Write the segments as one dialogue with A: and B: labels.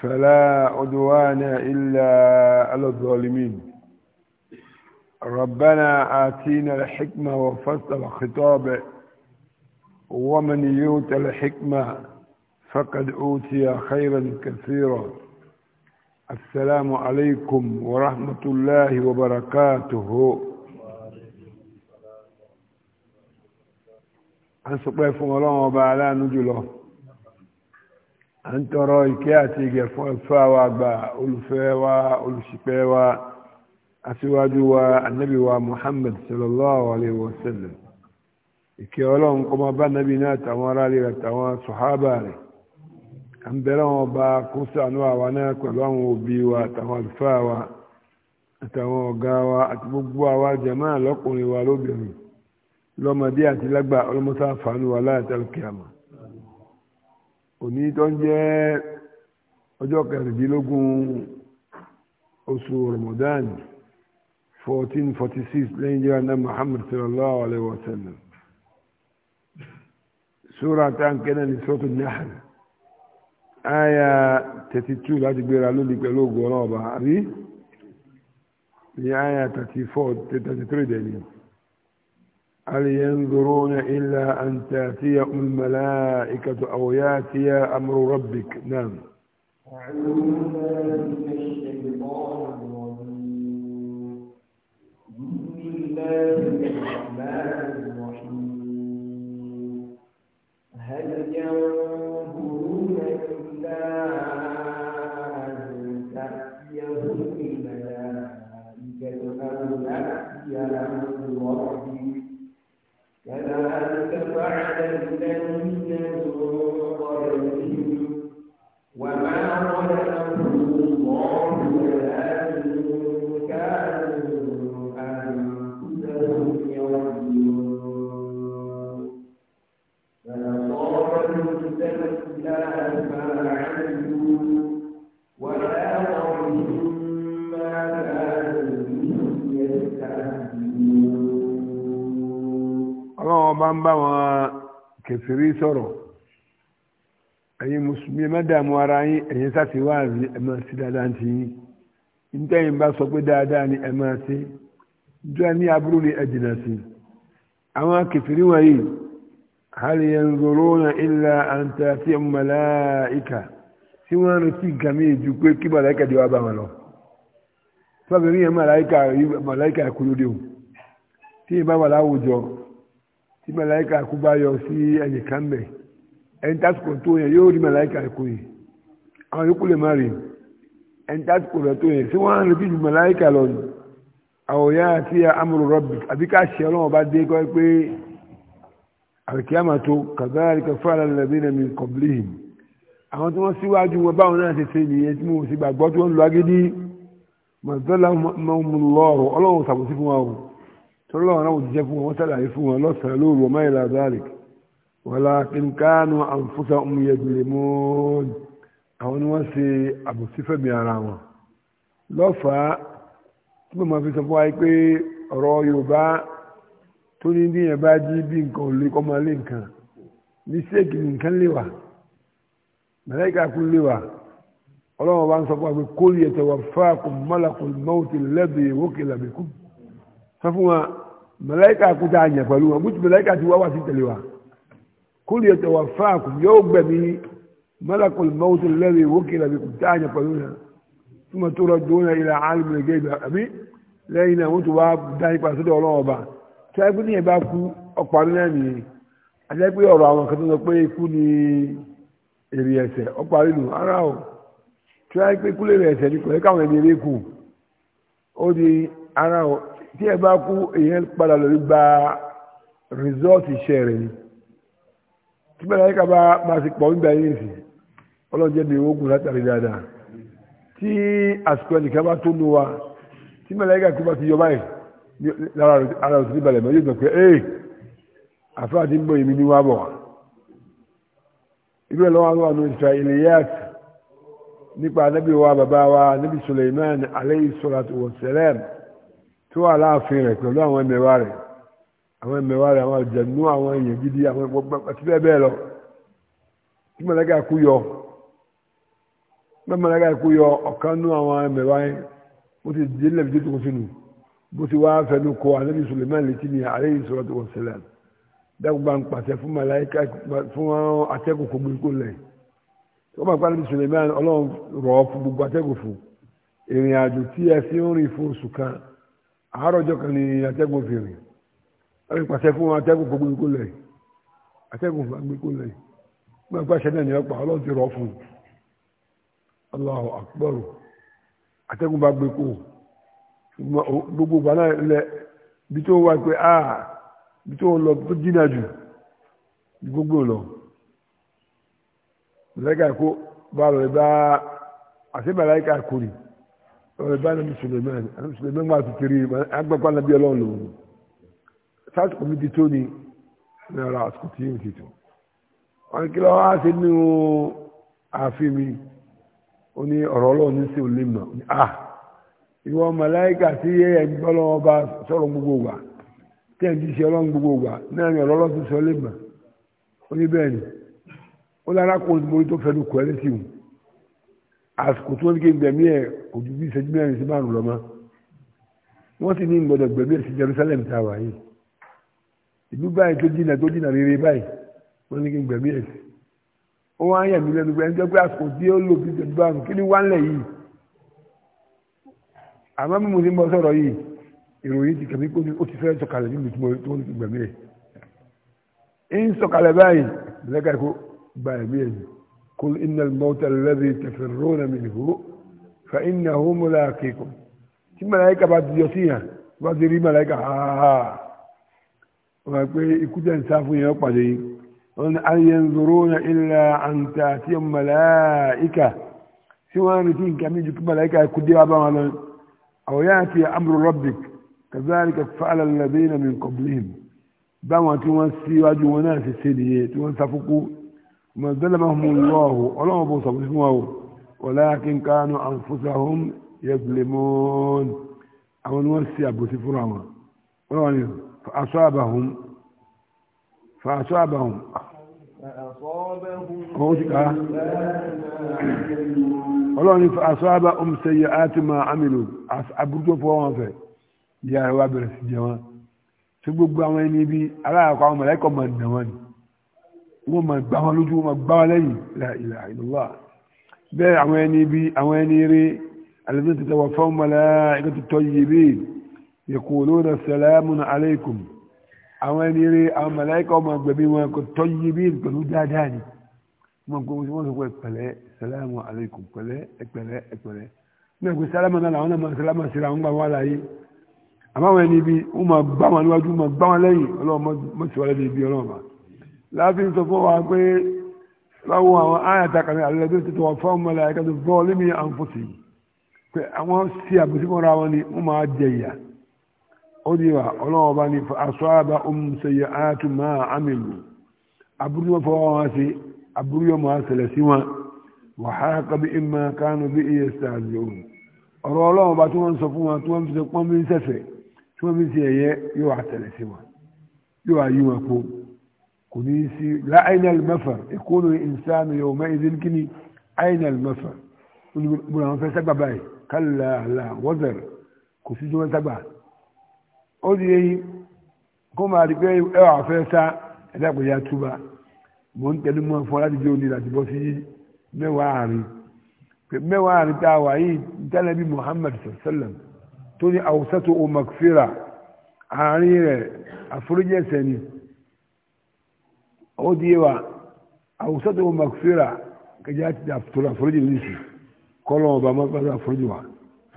A: فلا عدوان إلا على الظالمين ربنا آتينا الحكمة وفصل الخطاب ومن يؤت الحكمة فقد أوتي خيرا كثيرا السلام عليكم ورحمة الله وبركاته السلام بكم الله وبعلا نجله à ń tọrọ ìkẹ́ àti ìgẹ̀ fún ẹ̀fọ́ wa àgbà olùfẹ́ wa olùṣìpẹ̀ wa aṣíwájú wa ànábì wa Muhammad sallallahu alayhi wa sallam ìkẹ́ ọlọ́run kó máa bá nábì náà tàwọn aráàlú rẹ̀ tàwọn sọ̀hábà rẹ̀ à ń bẹ̀rẹ̀ wọn bá kó sànú àwa náà pẹ̀lú àwọn òbí wa àtàwọn àlùfáà wa àtàwọn ọ̀gá wa àti gbogbo àwa jàmáà lọ́kùnrin wa lóbìnrin lọ́mọdé àti lágbà ọlọ́mọsáfàánú wa láyàtàlùkẹ́ àmọ́ òní tó ń jẹ́ ọjọ́ kẹrìndínlógún oṣù Ramadan fourteen forty six lẹ́yìn jẹ́ àná Muhammad sallallahu alayhi wa sallam sura tá n kẹ́nà ní sọ́tún Nahl aya thirty two láti gbéra lónìí pẹ̀lú ògùn ọlọ́ọ̀bà àbí ní aya thirty four dẹ̀ ni. هل ينظرون إلا أن تأتيهم الملائكة أو يأتي أمر ربك نعم
B: أعوذ
A: dààmú ara yín ẹ̀yin sáti wá àrí ẹ̀ máa sí dáadáa ti yín nítẹ̀yìn bá sọ pé dáadáa ni ẹ̀ máa sí dúró ní aburú ni ẹ̀ jìnnà sí àwọn kẹfìrí wọ̀nyí hal yanzuruna illa an ta'tiyahum malaika tí wọ́n retí gàmí ìjú pé kí màláìkà di wá bá wọn lọ sọ́bẹ̀ rí yẹn màláìkà màláìkà kúlódé o tí ì bá wà láwùjọ tí màláìkà kú bá yọ sí ẹnìkan bẹ́ẹ̀ ẹni tásìkò tó yẹn yóò rí màláìka ẹ̀kọ́ yìí àwọn yòókù lè má rí ẹni tásìkò rẹ̀ tó yẹn tí wọ́n á retí ju màláìka lọ ni àwòyá àti amúrò rọ́bì àbí ká ṣe ọlọ́wọ́n bá dé kọ́ pé àrìkíyàmà tó kàdáàrí kẹfà alẹ́bí nàmi kọ̀bìlìhìn àwọn tí wọ́n síwájú wọn báwọn náà ṣe ṣe nìyẹn tí mo sì gbàgbọ́ tí wọ́n lu agídí mọ̀tọ́lá mọ̀mùlọ́rọ̀ ọlọ́wọ́n ṣàkóso fún wa o tọ́lọ́wọ́n náà wò jíjẹ́ fún wọn wọ́n ṣàlàyé fún wọn lọ́sàn-án lóru ọmọ ìlà dáàlìkì walakin kanu anfusahum yadlimun àwọn ni wọ́n ṣe àbòsífẹ̀mí ara wọn lọ́fàá tí mo máa fi sọ fún wa pé ọ̀rọ̀ yorùbá tó ní bí yẹn bá jí bí nǹkan ò lè kọ́ máa lé nǹkan ní sẹ́ẹ̀kì nǹkan lè wà mẹ́lẹ́kà kú lè wà ọlọ́run bá ń sọ fún wa pé kul yatawaffakum malakul mawti alladhi wukila bikum sọ fún wa mẹ́lẹ́kà kú tá a yàn pẹ̀lú wọn bùtù mẹ́lẹ́kà ti wá wá sí tẹ̀lé wa kul yatawaffakum yóò gbẹ̀mí malakul mawti alladhi wukila bikum táyà pẹ̀lú náà thumma turaduna ila alimil ghaibi àbí lẹ́yìn náà wọ́n ti wá dání pàṣẹ dọ̀ ọlọ́wọ́ ọba tí wọ́n ní ẹ̀bá kú ọ̀parí náà nìyí ajẹ́ pé ọ̀rọ̀ àwọn kan tó sọ pé ikú ni èrè ẹ̀ṣẹ̀ ọ̀parí nù ara o tí wọ́n pé ikú lè rẹ̀ ẹ̀ṣẹ̀ ní pẹ̀lú káwọn ẹni eré kù ó di ara o tí ẹ̀bá kú èèyàn padà lórí gba rìsọ́ọ̀tì iṣẹ́ rẹ̀ ni tí bẹ́ẹ̀ láyíká bá máa ti pọ̀ nígbà yìí nìsí ọlọ́jẹ́ bí ogun látàrí dáadáa tí àsìkò ẹnìkan bá tó nu wa tí bẹ́ẹ̀ láyíká tó bá ti yọ báyìí lára òsì níbalẹ̀ mọ́ yóò gbà pé ee àfáà ti ń bọ̀ èmi ní wá bọ̀ ibi lọ́wọ́ àwọn ìfẹ́ ilẹ̀yàt nípa anábì wa bàbá wa anábì Suleiman aleyhi salatu wa salam tó wà láàfin rẹ̀ pẹ̀lú àwọn ẹ̀mẹ̀wá rẹ̀ àwọn ẹ̀mẹ̀wá rẹ̀ àwọn àjẹ̀nú àwọn èèyàn gidi àwọn ẹ̀gbọ́n àti bẹ́ẹ̀ bẹ́ẹ̀ lọ tí mọ̀lẹ́gà kú yọ bẹ́ẹ̀ mọ̀lẹ́gà kú yọ ọ̀kan nú àwọn ẹ̀mẹ̀wá yẹn ó ti di ilẹ̀ ìdí tó sínú bó ti wá fẹnu kọ ànábì Suleiman létí ni ààrẹ yìí sọ̀rọ̀ tó wọ̀ sẹ́lẹ̀ dàgbà ń pàṣẹ fún màláìka fún atẹ́kùn kò gbèkó lẹ̀ wọ́n máa pàṣẹ Suleiman ọlọ́run rọ̀ fún fún ni atẹ́kùn fi wọ́n fi pàṣẹ fún wọn atẹ́gùn gbogbo ikú lẹ̀ atẹ́gùn gbogbo ikú lẹ̀ wọ́n fi pàṣẹ náà ní ọ̀pá ọlọ́run ti rọ̀ fún un Allahu Akbar atẹ́gùn bá gbé kú gbogbo ìgbà náà lẹ bí tó wà pé a bí tó lọ tó jìnnà jù gbogbo lọ mọ̀lẹ́kà kó bá lọ bá àti mọ̀lẹ́kà kórì lọ bá nàbí Suleiman àti Suleiman wà tó kiri agbẹ́pá nàbí ọlọ́run lòun sásìkò mi ti tó ni ní ara àsìkò tí yìí ti tó wọn kí lọ́wọ́ á ṣe nínú ààfin mi ó ní ọ̀rọ̀ ọlọ́run ní sí olè mọ̀ à ìwọ màláìkà sí ẹgbẹ́ ọlọ́wọ́ bá sọ̀rọ̀ gbogbo wa tí ẹ̀ ń ti ṣe ọlọ́run gbogbo wa náà ni ọ̀rọ̀ ọlọ́run ti sọ olè mọ̀ ó ní bẹ́ẹ̀ ni ó lára kó mo tó fẹnu kọ ẹ́ létí wọn àsìkò tí wọ́n fi gbẹ̀mí ẹ̀ kò ju bí ìṣẹ́jú mẹ́rin sí márùn-ún lọ́mọ wọ́n sì ní ìgbọ́dọ̀ gbẹ̀mí ẹ̀ sí Jerusalem tá a wà yìí ìlú báyìí tó jìnnà tó jìnnà rere báyìí wọ́n ní kí n gbẹ̀mí ẹ̀ sí ó wá ń yẹ̀ mí lẹ́nu gbẹ́ni jẹ́ pé àsìkò tí ó lò fi tẹ̀lé báyìí kí ni wá ń lẹ̀ yìí àmọ́ mímu ti ń bọ́ sọ̀rọ̀ yìí ìròyìn ti kẹ̀mí pé ó ti fẹ́ sọ̀kalẹ̀ níbi tí wọ́n ti gbẹ̀mí ẹ̀ ń sọ̀kalẹ̀ báyìí lẹ́ka ẹ̀kọ́ gba ẹ̀mí ẹ̀ kul innal mawta alladhi tafirruna minhu fa innahu wọ́n pé ikú tẹ̀ ń sá fún yẹn pàdé wọn ni an yanzuruna illa an ta'tiyahum malaika tí wọ́n retí nǹkan méjì kí malaika kú dé wá bá wọn lọ aw ya'ti amru rabbik kadhalika tí wọ́n síwájú tí wọ́n sáfúkú mọ̀zálàmáhùnmùlọ́hù ọlọ́wọ́n bó sọ̀rọ̀ fún wa o walakin kanu anfusahum yazlimun àwọn ni wọ́n sí àbòsí fúnra wọn فأصابهم فأصابهم ọlọ́run fa asáábà ọmọsẹ̀yẹ àti máa àmìlò àbúrúkọ fọwọ́n fẹ̀ ìyá rẹ̀ wá bẹ̀rẹ̀ sí jẹ wọn tí gbogbo àwọn ẹni bí aláàkọ àwọn mọ̀lẹ́kọ̀ máa dàn wọn ni wọ́n máa gbá wọn lójú wọ́n máa gbá wọn lẹ́yìn ìlà ìlúwà bẹ́ẹ̀ àwọn ẹni bí àwọn ẹni rí alẹ́sẹ̀ tẹ̀wọ̀ fọ́ọ̀mọ́lá ẹgbẹ́ tuntun yìí bíi يقولون سلام عليكم àwọn ẹni rí àwọn màláíkà ọmọ agbẹ̀bí wọn kò tọ́jú bí pẹ̀lú dáadáa ni wọn kò wọ́n sọ pé pẹ̀lẹ́ salamu alaykum pẹ̀lẹ́ ẹ̀pẹ̀lẹ́ ẹ̀pẹ̀lẹ́ náà pé salamu náà làwọn náà máa salamu síra wọn gbà wọn láàyè àmọ́ àwọn ẹni ibi wọn máa gbá wọn níwájú wọn máa gbá wọn lẹ́yìn ọlọ́run mọ́síwájú ní ibi ọlọ́run bá láàfin sọ fún wa pé láwọn àwọn àyàtà kan àlẹ́ tó ti tọ̀ fún ọmọ màláíkà tó bọ́ọ̀lì mi à ń fò sí pé àwọn sí àbòsí oríwà ọlọ́ọ̀bá ní asọ́àbá oúnṣẹ́yẹ um áàtù máa àmìlú abúrú wọn fọwọ́ wọn sí abúrú wọn máa ṣẹlẹ̀ sí wọn wà háàkà bí ìmọ̀ kánú bí iye sàájú òun ọ̀rọ̀ ọlọ́ọ̀bá tí wọ́n sọ fún wọn tí wọ́n fi pọ́n bí sẹ̀fẹ̀ tí wọ́n fi sí ẹ̀yẹ yóò wá ṣẹlẹ̀ sí wọn yóò wá yí wọn po kò ní í sí láàyínà mẹ́fàr ìkóno ìsánú yóò mẹ́ ìdín kíní àyínà mẹ́fàr ó di eyín kó máa di pé ẹ ya tuba sá ẹ̀dàgbẹ̀yà túbà mò ń tẹnu mọ́ fún aládìjọ́ òní láti bọ́ sí mẹ́wàá àárín mẹ́wàá àárín tá a wà yìí tẹ́lẹ̀bí Muhammad sallam tó ní àwùsátò omakfira ari rẹ̀ àforíjẹsẹ̀ ni ó di wa àwùsátò omakfira kẹjá ti àforíjẹ lóṣù kọ́lọ́ wa.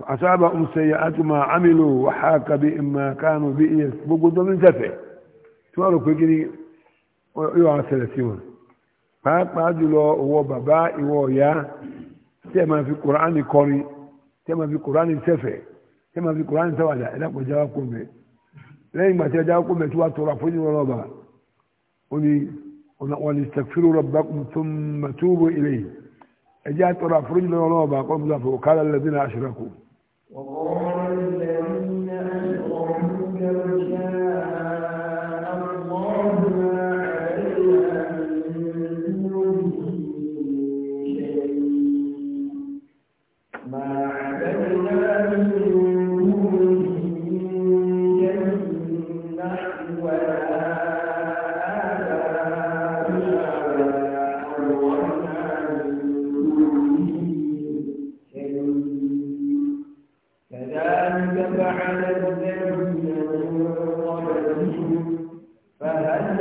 A: فأصابهم سيئات ما عملوا وحاك بهم ما كانوا به يسبقوا من سفه تمارو كيكيني yóò wá ṣẹlẹ̀ sí wọn pàápàá jùlọ ìwọ bàbá ìwọ ọ̀yá tí ẹ máa fi kùránì kọrin tí ẹ máa fi kùránì sẹ́fẹ̀ tí ẹ máa fi kùránì sáwàdà ẹ dàpọ̀ jáwá kó mẹ́ lẹ́yìn ìgbà tí ẹ jáwá kó mẹ́ tí wàá tọrọ àfojì wọn lọ́ba ó ní wọn ní sẹfìrì rọba tó mẹtúbù ilé yìí ẹ jẹ́ àtọrọ àfojì wọn lọ́ba kọ́ mi lọ́ba òkàlà lẹ́bí náà aṣọ rẹ̀ kù. وقال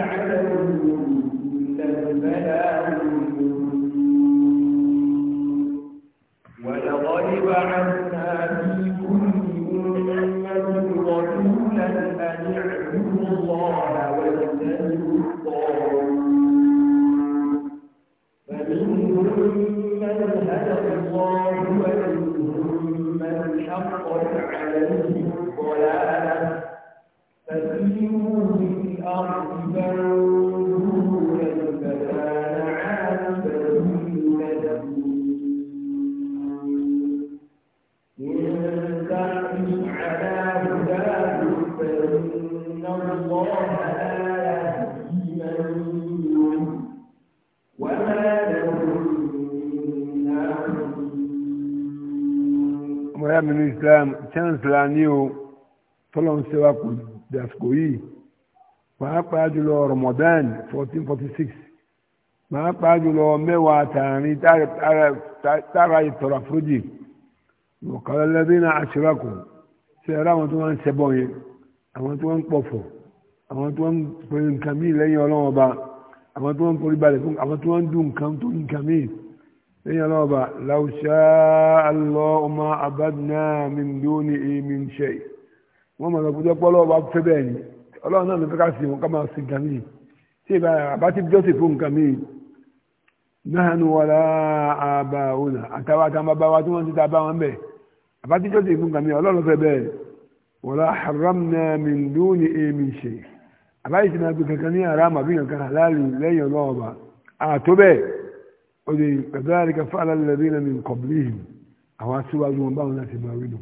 A: أكثر la ní o tọ́lọ́ ń kò dàsìkò yìí pàápàá jùlọ Ramadan 1446, forty six pàápàá jùlọ mẹ́wàá tààrin tára ìtọ̀rọ̀ àforíjì ọ̀kàlẹ̀ lẹ́bí náà aṣọ́rakù ṣe ara àwọn tó wọ́n ń ṣẹbọ yẹn àwọn tó wọ́n ń pọ̀fọ̀ àwọn tó wọ́n ń pè nǹkan míì lẹ́yìn ọlọ́wọ́n ba àwọn tó wọ́n ń forí balẹ̀ fún àwọn tó wọ́n ń dùn nǹkan lẹ́yìn ọlọ́ọ̀bà láwùṣá alọ́ọ̀mà abadná mìndóní ìmìṣẹ́ wọ́n mọ̀ lọ́gbọ́dọ́ pọ́ lọ́ọ̀bà fẹ́ bẹ́ẹ̀ ni ọlọ́run náà ló fẹ́ ká sí wọn ká máa sí gan yìí tí ìbá àbátí jọ́sìn fún nǹkan mi náhànú wàlá àbá ònà àtàwọn àtàwọn bàbá wa tí wọ́n ti ta bá wọn bẹ̀ àbátí jọ́sìn fún nǹkan mi ọlọ́run fẹ́ bẹ́ẹ̀ wàlá haramna mìndóní ìmìṣẹ́ àbáyé ti máa gbé kankan ní ودي كذلك فعل الذين من قبلهم أو سوى جون باو ناس ما وينو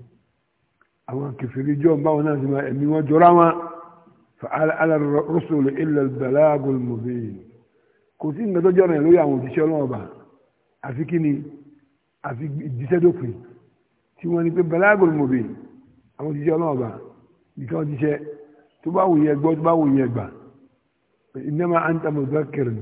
A: أو كفري جون باو ناس ما أمي وجرما فعل على الرسل إلا البلاغ المبين كوسين قد جرنا لو يا موديش الله با أفكني أفك جسدوكي tí wọ́n ní pé balagul mubin àwọn òṣìṣẹ́ ọlọ́run تبا nìkan òṣìṣẹ́ tó bá wù yẹ gbọ́ tó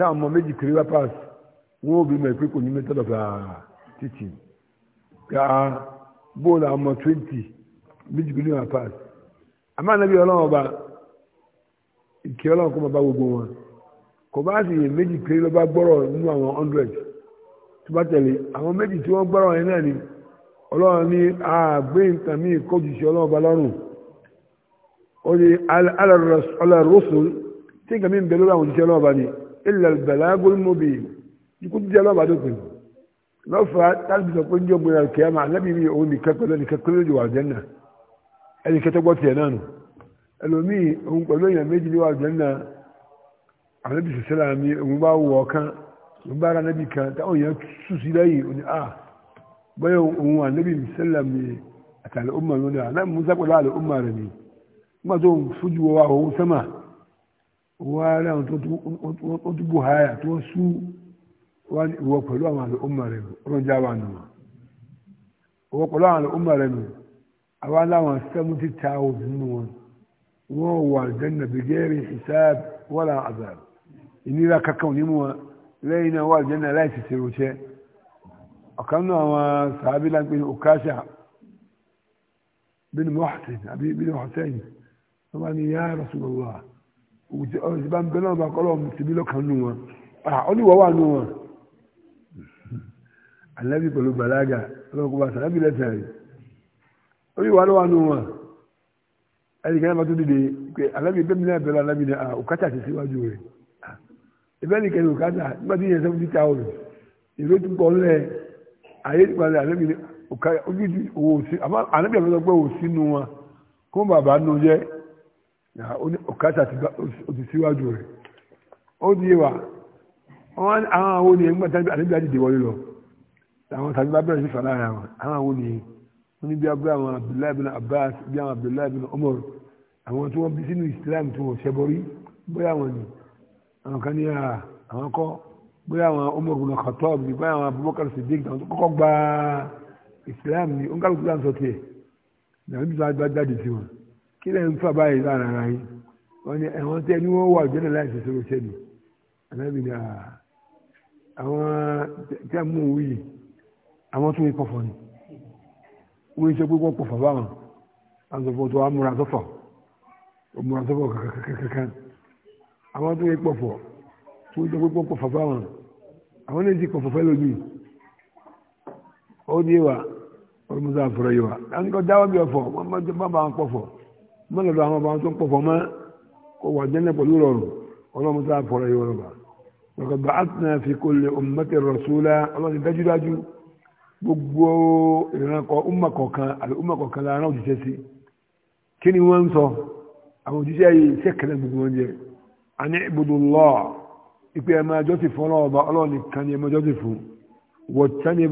A: táwọn ọmọ méjì kiri wá pass wọn ò bí mọ̀ pé kò ní method of teaching ká bóòlù àwọn ọmọ twenty méjì kiri wá pass àmọ́ ànábì ọlọ́run ọba ìkẹ́ ọlọ́run kó máa bá gbogbo wọn kò bá sì méjì kiri ló bá gbọ́rọ̀ nínú àwọn hundred tó bá tẹ̀lé àwọn méjì tí wọ́n gbọ́rọ̀ yẹn náà ni ọlọ́run ní àgbé nǹkan míì kójú sí ọlọ́run ọba lọ́rùn ó ní alárọ̀sọ̀lá rọ́sùn tí nǹkan míì ń bẹ lórí àwọn òṣìṣẹ́ ọlọ́run ọba ni illa al-balagul mubin ikú jíjẹ lọ́ba dópin lọ́fà tábìlì sọ pé ń jọ́gbìn náà kìí àmà alábì mi òun nìkan pẹ̀lú ẹnìkan pẹ̀lú ìwà àjẹ́nà ẹnìkan tó gbọ́ tiẹ̀ náà nù ẹlòmíì òun pẹ̀lú èèyàn méjì níwà àjẹ́nà alábì sọ̀sẹ́là mi òun bá wọ̀ ọ́ kan òun bá ara alábì kan táwọn èèyàn sùn sí lẹ́yìn òun ni a bọ́yọ̀ òun alábì sẹ́là mi àtàlẹ́ ọmọ mi náà alábì musa pẹ̀lú àlẹ́ ọmọ rẹ̀ mi nígbà tó fojú wọ wá rí àwọn tó tún buhaya tó sú wọ pẹ̀lú àwọn àlè ọmọ rẹ̀ ọlọ́jà wà nù wọ pẹ̀lú àwọn àlè ọmọ rẹ̀ nù àwọn aláwọn seventy thousand nù wọn wọn wà jẹ́nà bìgẹ́rì ìsáàb wọ́lá àzàb ìnira kankan ní mu wọn lẹ́yìn náà wà jẹ́nà láìsí ṣe ròṣẹ́ ọ̀kan náà àwọn sàábí láńpẹ́ ní okasha bin muhsin àbí bin hussein wọ́n wá ní yá rasulullah òṣìbá ń bẹ náà bá kọ́ lọ́wọ́ síbí lọ́kàn nù wọn oníwọ̀ wà nù wọn. ànábì pẹ̀lú bàlágà ọlọ́kùn bá sànábì lẹ́sẹ̀ rẹ̀
B: oníwọ̀ wà nù wọn.
A: ẹnìkan bá tó dìde pé ànábì bẹ́ẹ̀ mi náà bẹ̀rẹ̀ ànábì náà òkátà ti síwájú rẹ̀ nígbà tí yẹn sẹ́fún ti ta ayé ọ̀kátà ti síwájú rẹ̀ ó di wa àwọn àwọn òní ẹgbẹ́ tàbí àdébí àdìdì wọlé lọ àwọn tàbí bá bẹ̀rẹ̀ sí fà láàrin àwọn àwọn àwọn òní wọn ní bí abúlé àwọn Abdullahi bin Abbas bí àwọn Abdullahi bin Umar àwọn tí wọ́n bí sínú Islam tí wọ́n ṣẹbọ rí bóyá àwọn ni àwọn kan ní àwọn kọ́ bóyá àwọn Umar bin Khattab ni bóyá àwọn Abubakar Siddiq àwọn tó kọ́kọ́ gba Islam ni ó ń kálukú láǹsọ̀ tiẹ̀ ní àwọn ibi tó jáde sí wọn kí lẹ́yìn fà báyìí lára ara yín wọ́n ní ẹ̀wọ̀n tẹ́ ni wọ́n wà jọ́nà láì ṣiṣẹ́ ló ṣẹ́ni ànábì ní àwọn tẹ́ mú un yìí àwọn tó ń pọ̀fọ̀ ni wọ́n ń sọ pé wọ́n pọ̀fọ̀ báwọn àzọ̀fọ̀ tó amúra sọ́fọ̀ òmùra sọ́fọ̀ kankan àwọn tó ń pọ̀fọ̀ tó ń sọ pé wọ́n pọ̀fọ̀ báwọn àwọn lè ti pọ̀fọ̀ fẹ́ lómi ó ní wa olùmọ̀sá àfọ̀rọ̀ yìí wa àwọn kan dáwọ́ bí ọ̀fọ̀ wọ́n mọ́lọ́dọ̀ àwọn ọba tó ń pọ̀fọ́ mọ́ kó wà jẹ́nẹ̀ pẹ̀lú rọrùn ọlọ́run tó àfọ̀rọ̀ yìí rọrùn bá lọ́kọ̀ bá a tún fi kó lè ummati rasula ọlọ́run dájúdájú gbogbo ìrànkọ umma kọ̀ọ̀kan àbí umma kọ̀ọ̀kan lára òjíṣẹ́ sí kí ni wọ́n ń sọ àwọn òjíṣẹ́ yìí sẹ́kẹ̀lẹ̀ gbogbo wọn jẹ́ àní ibudullah ìpè ẹ̀ máa jọ́sìn fún ọba ọlọ́run nìkan ni ẹ̀ máa fún wọ́n tẹ́ni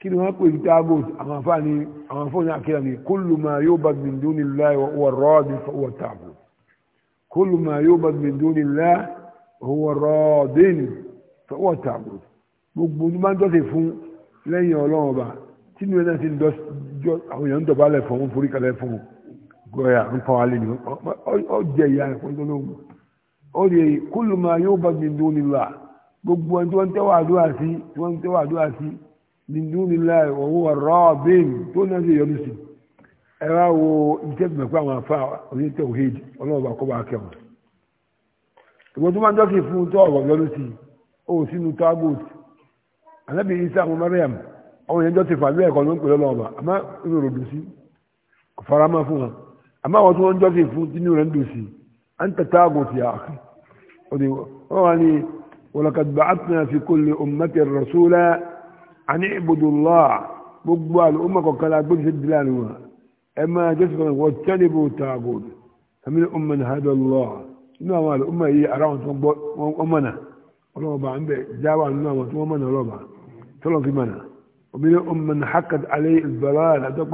A: kí ni wọ́n pè ní tábòt àwọn afáàní àwọn afọ́nyá akíyà ni kullu ma yubad min dunillahi huwa ar-radi fa huwa tábòt kullu ma yubad min dunillahi huwa ar-radi fa huwa tábòt gbogbo ní máa ń dọ́sẹ̀ fún lẹ́yìn ọlọ́run ọba tí ní ẹ̀dá ti ń dọ́ àwọn èèyàn ń dọ̀bálẹ̀ fún un forí kalẹ̀ fún un gọ́yà ń pa wálé ni ó jẹ ìyá rẹ̀ fún olóògùn ó lè kullu ma yubad min dunillahi gbogbo ẹni tí wọ́n tẹ́wọ́ àdúrà sí tí wọ́n tẹ́wọ́ àdúrà sí nìdúnilá ìwọ̀wọ́ rọ́ọ̀bìn tó náà ṣe yọrí sí ẹ̀rọ wo ìtẹ́fẹ̀mẹ̀ fún àwọn afá onítẹ̀ òhèd ọlọ́ọ̀bà kọ́ bá kẹwọ̀n ìwọ̀n tó máa ń jọ́sìn fún tó ọ̀rọ̀ yọrí sí ó sínú tábòt alábì isa àwọn mariam àwọn yẹn jọ́sìn fàlú ẹ̀kọ́ ló ń pè lọ́lọ́ọ̀bà àmọ́ ìwé rò dùsí kò fara mọ́ fún wọn àmọ́ àwọn tó wọ́n jọ́sìn fún tínú rẹ̀ dùsí à ń tẹ̀tà àní ibùdókòlá gbogbo àlùmọ̀ kọ̀ọ̀kan la gbọ́dọ̀ sí dìlà ni wọn ẹ máa jẹ́ sọ̀rọ̀ wọ́n tẹ́lẹ̀ bó taago àmì ọmọ ní hàdọ̀ lọ nínú àwọn àlùmọ̀ yìí ara wọn tó gbọ́ wọn mọ̀nà ọlọ́ọ̀bà ń bẹ̀ jáwà nínú àwọn tó wọn mọ̀nà ọlọ́ọ̀bà tọ́lọ̀ fi mọ̀nà ọmọ ní ọmọ ní hakad alẹ́ ìgbàlá àtọ́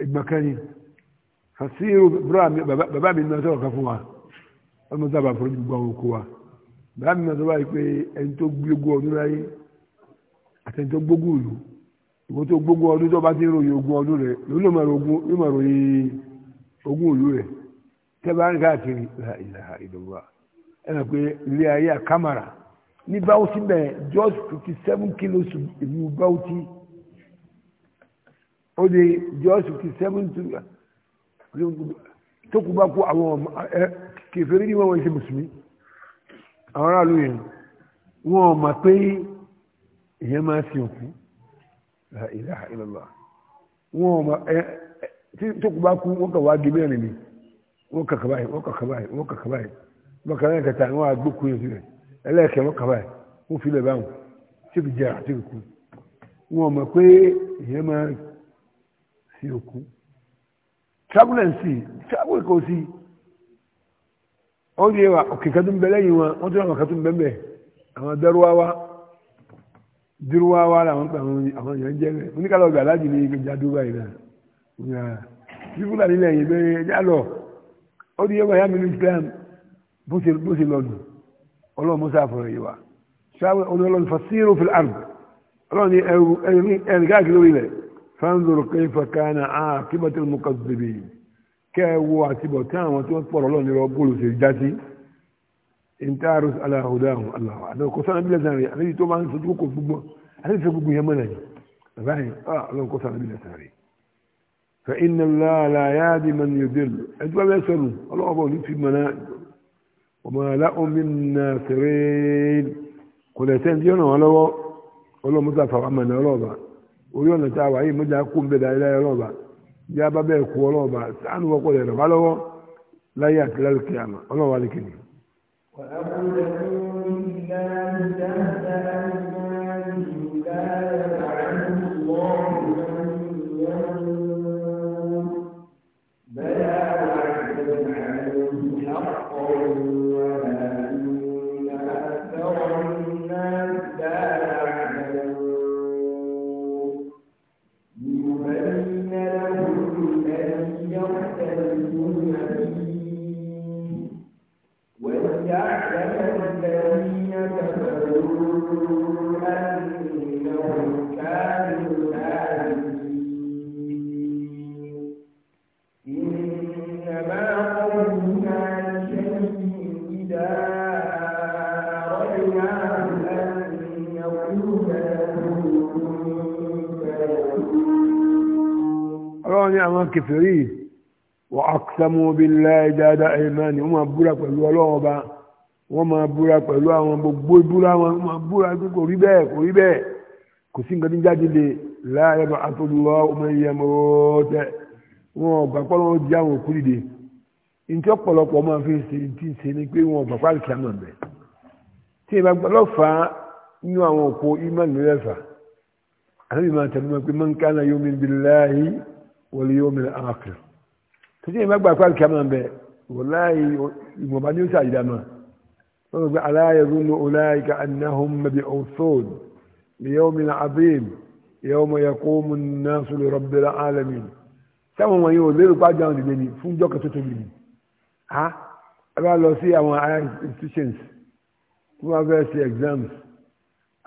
A: ẹ̀gbọ́n kan ni fasiru bàbá mi náà sọ̀rọ̀ kan fún wa wọ́n mọ̀ sábà fún gbogbo àwọn oko wa bàbá mi náà sọ báyìí pé ẹni tó gbógun ọdún láyé àti ẹni tó gbógun ìlú ìwọ tó gbógun ọdún tó bá ti ròyìn ogún ọdún rẹ lórí ọmọ ròyìn ogún ìlú rẹ tẹ́bà ń káàkiri la ilaha illallah ẹnà pé ilé ayé àkàmàrà ní báwùtí bẹ́ẹ̀ just fifty seven kilos ìlú báwùtí ó de jọ́ọ̀sì kì sẹ́fún tó kú bá kú àwọn kèfèrí ní wọ́n ṣe mùsùlùmí àwọn aráàlú yẹn wọ́n mọ̀ pé ìyẹn máa fi òkú la ilaha illallah wọ́n mọ̀ tó kú bá kú wọ́n kà wá gébé rìn ni wọ́n kà kàbáyé wọ́n kà kàbáyé wọ́n kà kàbáyé wọ́n kà lẹ́yìn kẹta wọ́n agbókù yẹn sílẹ̀ ẹlẹ́ẹ̀kẹ́ wọ́n kàbáyé wọ́n fi lẹ̀ báwọn tí fi jẹ́ àti ìkú wọ́n mọ̀ pé ìyẹn máa sí òkú travel and see travel kò sí ó yẹ wa òkè kan bẹ lẹ́yìn wọn wọ́n tún àwọn kan bẹ bẹ́ẹ̀ àwọn dẹ́rùwáwá dẹ́rùwáwá làwọn pè àwọn èèyàn jẹ́ bẹ́ẹ̀ oníkàlọ́ ọgbà aláàjì ní ibi jáde náà lẹ́yìn bẹ́ẹ̀ lọ ó yẹ wa ní Islam bó ṣe lọ́dún ọlọ́run musa fọ̀rọ̀ yìí wa ṣáà ọlọ́run ọlọ́run káàkiri orí rẹ̀ fanzur kaifa kana akibatul mukazzibin kẹwo àti bọ̀tí àwọn tí wọ́n pọ̀rọ̀ lọ́nà ìrọ̀ bóòlù sí jásí intarus alahudahun alahu alahu kọsánà bílẹ̀ sáré àlejò tó máa ń sojú kò gbogbo àlejò gbogbo yẹn mọ́nà yìí bàbá yìí alahu kọsánà bílẹ̀ sáré fa inna allaha la yahdi man yudil ẹjú bá bẹ́ẹ̀ sọnù ọlọ́wọ́ bọ̀ ní fi mọ̀nà ọmọ aláhùnmí na sẹ̀rẹ̀ kò lẹ́sẹ̀ ń díọ̀nà wọn lọ́wọ́ ọlọ́mọ orí ọ̀nà tá a wà yìí mọ́jà kó ń bẹ̀ dáadáa láyé ọlọ́ọ̀bà yá bá bẹ́ẹ̀ kú ọlọ́ọ̀bà sáànù wọ́pọ̀ lẹ̀ lọ́ba lọ́wọ́ láyé àti lálùkìyàmà ọlọ́wà kẹfẹ́rì wọ́n بالله billahi jada وما wọ́n máa búra وما ọlọ́wọ́n ọba wọ́n máa búra pẹ̀lú àwọn gbogbo ìbúra wọn máa búra kò rí bẹ́ẹ̀ kò rí bẹ́ẹ̀ kò sí nǹkan tí jáde lè láàyè bá atọ́lọ́ ọmọ ìyẹn mọ́ tẹ́ wọn ọ̀gbà pọ́lọ́ wọn di àwọn òkú dìde ntí ọ̀pọ̀lọpọ̀ máa fi ṣe ti ṣe ni pé wọn ọ̀gbà pàlì kìá mọ̀ tí ìbá gbọ́dọ̀ fà á nínú àwọn òkú ìmọ̀ nílẹ̀ fà á àbí máa tẹ̀lé wọn pé man kana yu'min billahi wọlé yóò mìíràn àkàrà títí ìmọ̀ gbà pàlì kí a máa bẹ wọláyé ìmọ̀ba ní oṣù àyídá máa wọ́n gbé aláyé rúnú oláyé ká anáhùn mẹ́bi ọ̀ṣọ́ọ̀d yóò mìíràn abéèm yóò mọ̀ yẹkọ́ mu náà sọ̀rọ̀ rọ̀bẹ̀rẹ̀ alẹ́mì sáwọn wọn yóò lérò pàjọ àwọn ìdílé ni fún jọ́kẹ́ tó tóbi ni ha ẹ bá lọ sí àwọn higher institutions tí wọ́n fẹ́ ṣe exams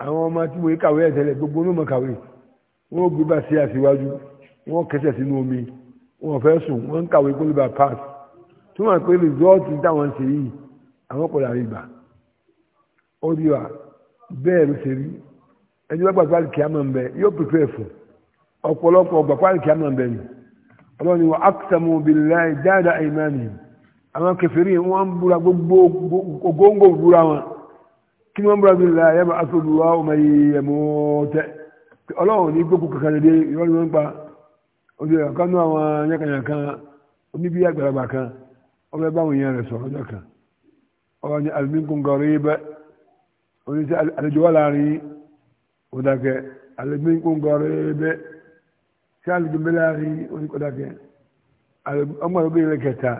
A: àwọn ọmọ tí mo yí kàwé ẹ̀ tẹ́lẹ̀ gbogbo onímọ̀ kàwé wọ́n gbé bá sí àṣìwájú wọ́n kẹsẹ̀ sínú omi wọ́n fẹ́ sùn wọ́n ń kàwé kólébà pass tí wọ́n pè rìsọ́ọ̀tì táwọn ṣe yìí àwọn kò dàrí gbà ó di wa bẹ́ẹ̀ ló ṣe rí ẹni wọ́n gbàgbọ́ àlùkí àmọ́ ń bẹ yóò pèpè fún ọ̀pọ̀lọpọ̀ gbàgbọ́ àlùkí àmọ́ ń bẹ ni ọlọ́ni wa aqsamu billahi jahda aymanihim àwọn kèfèrí wọ́n ń búra gbogbo ogóńgó búra wọn kí wọ́n búra bí láyé bá aṣọ òdùwà ọmọ yìí ẹ̀mọ́ tẹ ọlọ́run ní gbogbo kankan dédé ojú ẹ̀rọ kan ní àwọn yànkanyàn kan oníbí àgbàlagbà kan ọbẹ̀ báwọn èèyàn rẹ̀ sọ̀rọ̀ ọjọ́ kan ọba ní aliminkum gariba oníṣẹ́ àlejò wà láàrin ọ̀dàkẹ́ aliminkum gariba sí àlejò bẹ́ láàrin oníkọ̀dàkẹ́ ọmọ ìlú bẹ́ẹ̀ kẹta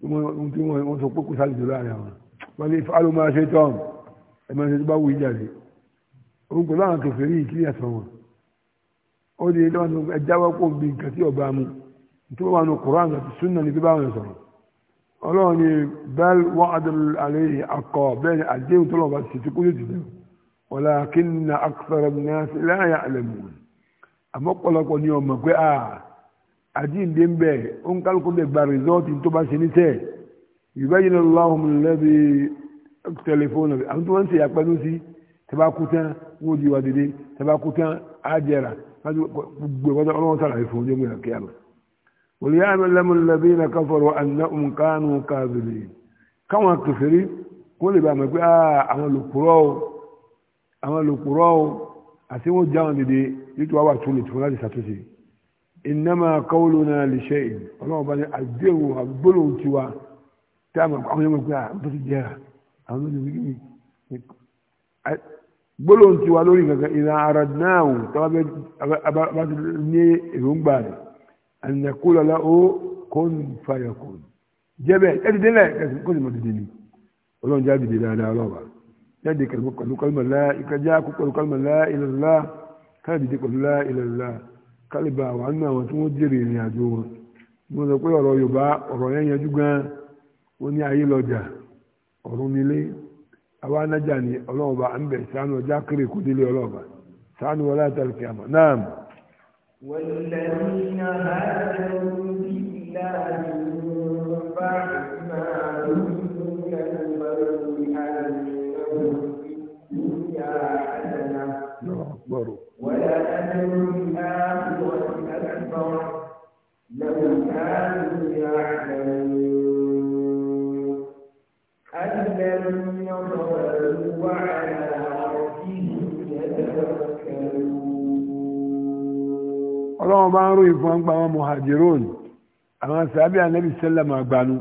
A: tí wọ́n sọ pé kò sálejò láàrin àwọn wọ́n ní ifá ṣe tán ẹ̀ máa ṣe tó bá wù í jáde òun pẹ̀lú àwọn kẹfẹ́ rí ìkíni àtọ̀ wọn ó di ilé wọn ẹjáwọ́ kó bí nǹkan tí ọba mu tó wà ní Quran àti sunna ní bíbá wọn ni bẹ́ẹ̀ wọ́n adúlù alẹ́ ni ti ti n na akọ̀rọ̀ ní láyà àlẹ́mù àmọ́ pọ̀lọpọ̀ ni a ah, àdíǹde ń bẹ̀ ó ń kálukú bẹ̀ gba rìsọ́ọ̀tì tó bá ṣe níṣẹ́ yorùbá yìí di gbogbo ìwọ́n ọlọ́wọ́ sàlàyé fún ojú ìgbìyànjú kíyàmù wòlí yá àmì lẹ́mú lẹ́bí na káfọ̀rọ̀ àná nǹkanú káàbìlì káwọn kẹfìrí kó lè bá àmì pé ah, àwọn olùkúrọ́ o àwọn olùkúrọ́ o àti wọn já wọn dìde nítorí wàá wà lè tó láti ṣàtúnṣe ìnáma kọ́wọ́lù náà lè ṣe ìlú ọlọ́wọ́ bá ní àdéhùn àgbélòhùn tiwa tí àwọn ọmọ yẹn mọ̀ pé àwọn ah, tó ti jẹ́ gbólóhùn tiwa lórí kankan ìran ara náà wò tọ́wọ́ bá ti ní èròǹgbà rẹ̀ ànàkúlọ́lá ó kún fàyàkùn jẹ́bẹ̀ ẹ ti délẹ̀ kẹsì kó sì mọ̀ dìde ni ọlọ́run já dìde dáadáa ọlọ́wà jáde pẹ̀lú kọlùmọ̀ lá ìkẹjá pẹ̀lú kọlùmọ̀ lá ìlàlá káà dìde pẹ̀lú lá ìlàlá kálíbà wà nínú àwọn tí wọ́n jèrè ìrìn àjò wọn mo sọ pé ọ̀rọ̀ Yorùbá ọ̀rọ̀ yẹn yanjú gan-an ó ní ayé lọ́jà ọ̀run nílé أو أنا جاني أولوبا عن بحسان وذاكري كودي لأولوبا سان ولا تلكيما نعم
B: والذين هاجروا في بلاد من بعد ما ولا أجر الآخرة أكبر لو كانوا يعلمون يتذكروا وعلى ربهم يتوكلون
A: ọlọ́run bá ń ròyìn fún ọgbà àwọn mohajirun àwọn sàábì ànábì sẹ́lẹ̀mù àgbàánu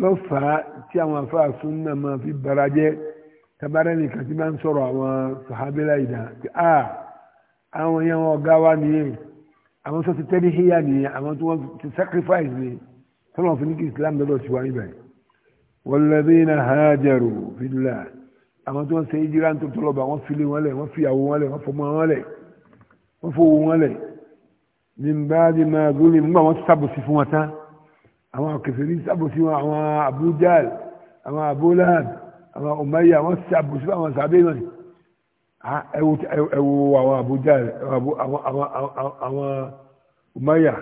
A: lọ́fàá tí àwọn afáà súnà máa fi bara jẹ́ tabarẹ́ nìkan tí máa ń sọ̀rọ̀ àwọn sàhábẹ́lá ìdá pé a àwọn yẹn wọn ọ̀gá wa nìyẹn àwọn tó ti tẹ́lẹ̀ híyà nìyẹn àwọn tó wọ́n ti sacrifice ni tọ́lọ̀ fún ní kí Islam lọ́dọ̀ tiwa níbẹ̀. والذين هاجروا في الله àwọn tí wọ́n ṣe ìjírá ń tóbi tọ́lọ́ba wọ́n fi lé wọn lẹ̀ wọ́n fi àwọ̀ wọn lẹ̀ wọ́n fọmọ wọn lẹ̀ wọ́n fowó wọn lẹ̀ ní bá di máa gún ní nígbà wọ́n sábòsí fún wọn tán àwọn kèfèrí sábòsí wọn àwọn Abu Jahl àwọn Abu Lahab àwọn Umayya wọ́n sábòsí fún àwọn sàbẹ̀ wọn ẹ wo àwọn Abu Jahl àwọn Umayya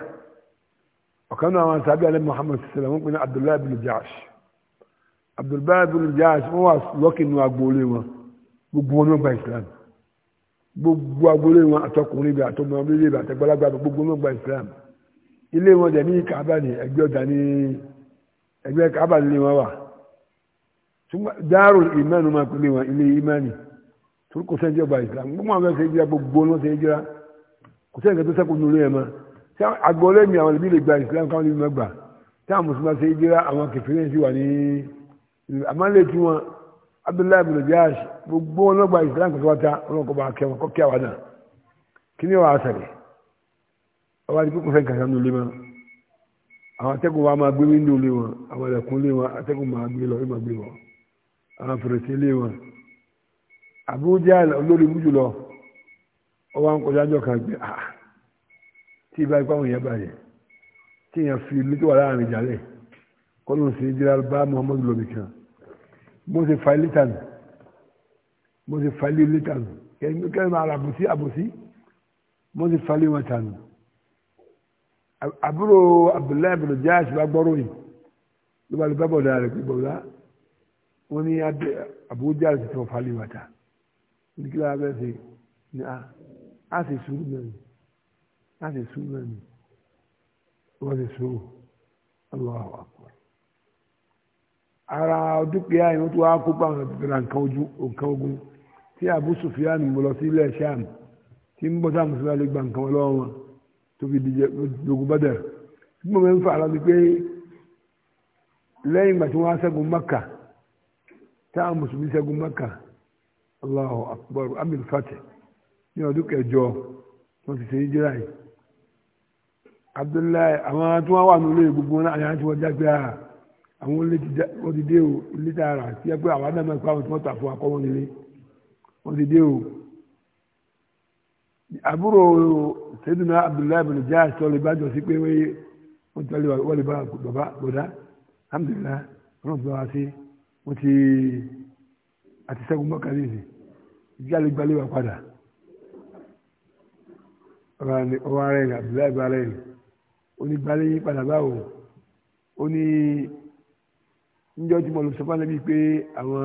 A: ọ̀kan náà àwọn sàbẹ̀ alẹ́ Muhammad sallallahu alaihi wa sallam wọn pe ní Abdullahi bin Jahsh abdulbala bin jahaj wọ́n wà lọ́kì nínú agboolé wọn gbogbo wọn ní wọ́n gba islam gbogbo agboolé wọn àtọkùnrin bí àtọmọdé bí ìbí àtẹgbàlagbà gbogbo wọn gba islam ilé wọn dẹ̀ ní kaaba ní ẹgbẹ́ ọ̀dà ní ẹgbẹ́ kaaba nílé wọn wà dárò ìmánu máa pèlè wọn ilé ìmánu torí kò sẹ́ńtì ọgbà islam gbogbo àwọn ẹgbẹ́ ìjìlá gbogbo wọn ṣe ìjìlá kò sẹ́ńtì tó sẹ́kù nílé ẹ̀ mọ́ agboolé mi àwọn ìbí lè gba islam káwọn ìbí mọ́ gbà táwọn mùsùlùmí ṣe ìjìlá àwọn kẹfìrẹ́ǹsì wà ní àmàlẹ́ tí wọn abdullahi bin jash gbogbo wọn lọ́gba islam kò tó wá ta wọn kò bá kẹ́ wọn kọ́ kí àwa náà kí ni wàá sàlẹ̀ ọba àti pípọ̀ fẹ́ kàkà nílé mọ́ àwọn atẹ́gùn wa máa gbé wíńdò lé wọn àwọn ẹ̀kún lé wọn atẹ́gùn máa gbé lọ ìmọ̀ gbé wọn àwọn fèrèsé lé wọn àbújá olórí ibú jùlọ ọba ń kọjá jọ kan gbé ah tí ìbá ipá wọn yẹn báyẹn tí èèyàn fi ilé wà láàrin ìjàlẹ̀ kọ́ ló ń bá muhammadu lọ́bì kan bó ṣe fa lítà nù bó ṣe fa lé lítà nù kẹ́mi máa ra àbòsí àbòsí bó ṣe fa lé wọn tà nù. àbúrò Abdullahi bin Jahsh bá gbọ́rọ̀ yìí ló bá lè bá bọ̀dá rẹ̀ pé bọ̀dá wọ́n ní àbúrò Jahsh ti fọ́ fa lé wọn tà ní kí lára bẹ́ẹ̀ ṣe ni ah, a ṣe sùúrù náà ni a ṣe sùúrù náà ni wọ́n ṣe sùúrù Allahu akbar ara dúkìá yìí wọ́n tún wá kópa àwọn ìtura nǹkan ojú nǹkan ogun tí Abu Sufyan ń bọ̀ lọ sí ilẹ̀ Sham tí ń bọ́ sáà mùsùlùmí alẹ́ gba nǹkan lọ́wọ́ wọn tó fi dìjẹ́ lógun Badr tí mo máa ń fa ara ni pé lẹ́yìn ìgbà tí wọ́n á ṣẹ́gun Maka táwọn mùsùlùmí ṣẹ́gun Maka Allahu Akbar amil fatih ní ọdún kẹjọ wọ́n ti ṣe é jẹ́ra yìí Abdullahi àwọn tí wọ́n wà nílé gbogbo náà àwọn wọ́n ti dé o ilé tá a rà sí ẹgbẹ́ àwọn adámọ̀ ẹ̀kọ́ àwọn tí wọ́n tà fún akọ́ wọn nílé wọ́n ti dé o. àbúrò sẹ́dúnà abdullahi bin jahaj tó lè bá jọ sí pé wọ́n tẹ̀lé wọ́n lè bá bàbá bọ̀dá alhamdulilah wọ́n ti bá wa sí wọ́n ti àti sẹ́gun mọ́kàlì ní ìdí àlegbálẹ̀ wà padà ọwọ́ ara ẹ̀ abdullahi balẹ̀ onígbálẹ̀ yí padà báwo ó ní níjọ́ tí mo lọ sọ fún anábì pé àwọn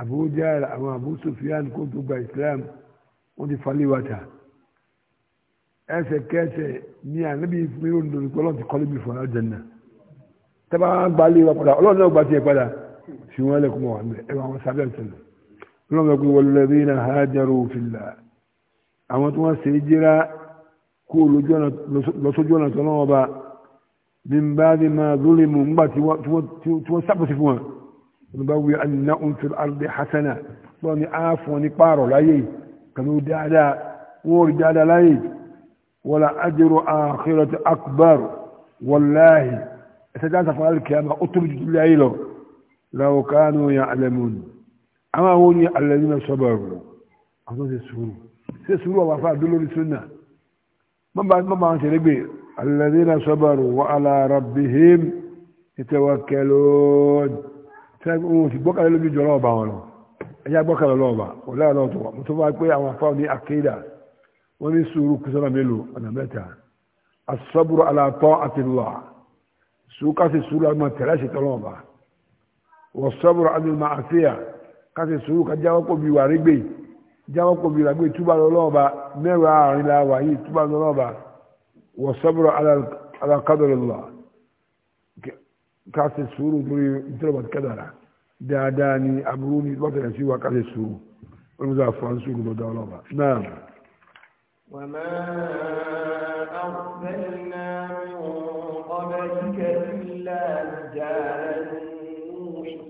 A: àbújá àwọn àbú sofiyan kó tó gba islam wọ́n ti falẹ̀ wáta ẹsẹ̀kẹsẹ̀ ní anábì mi ò lórí pé ọlọ́run ti kọ́lé mi fún ọlọ́run jẹ́nà tẹ́bà gbalẹ̀ wa padà ọlọ́run náà gba tiẹ̀ padà ṣùgbọ́n ẹlẹ́kùn mọ̀ wà ń bẹ̀ ẹ̀ wà wọn sábẹ́ ìṣẹ̀lẹ̀ ọlọ́run ẹgbẹ́ walladhina hajaru fillah àwọn tí wọ́n ṣe é jẹ́ra kó lójú ọ̀nà lọ́sọ́jú ọ̀nà tó náà wọ́n bá من بعد ما ظلموا مبا توسبوا سفوا نبوي أنهم في الأرض حسنة وأن عافوا نقاروا لأيه كانوا دادا ورد دادا لأيه ولا أجر آخرة أكبر والله سجلت فعل الكلام أترجد الليل لو كانوا يعلمون أما هم الذين صبروا أما سيسروا سيسروا وفاء دلوا للسنة ما بعد ما بعد تلقيه الذين صبروا وعلى ربهم يتوكلون sẹ́gun ti gbọ́kànlẹ́ lójú jọ lọ́ọ̀bà wọn lọ ẹ̀yà gbọ́kànlẹ́ lọ́ọ̀bà kò láàrín náà tó wà mo tó bá pé àwọn afáwọn ní akéèdà wọ́n ní sùúrù kùsọ́nà mélòó ọ̀nà mẹ́ta asọ́bùrù aláàtọ́ àti lọ́ sùúrù káṣí sùúrù àmọ́ tẹ̀lé ṣe tọ́lọ́ ọ̀bà wọ́n sọ́bùrù àdìmọ̀ àfíà káṣí sùúrù ká jáwọ́ kó bi wà rígbè jáwọ́ kó bi wà rígbè túbà lọ́ọ̀bà mẹ́rọ والصبر على على قدر الله كاس السور السرور ضرب كدرة داداني أبروني بطل سوى كاس السور المزعف عن سرور نعم
B: وما أرسلنا من قبلك إلا رجالا نوحي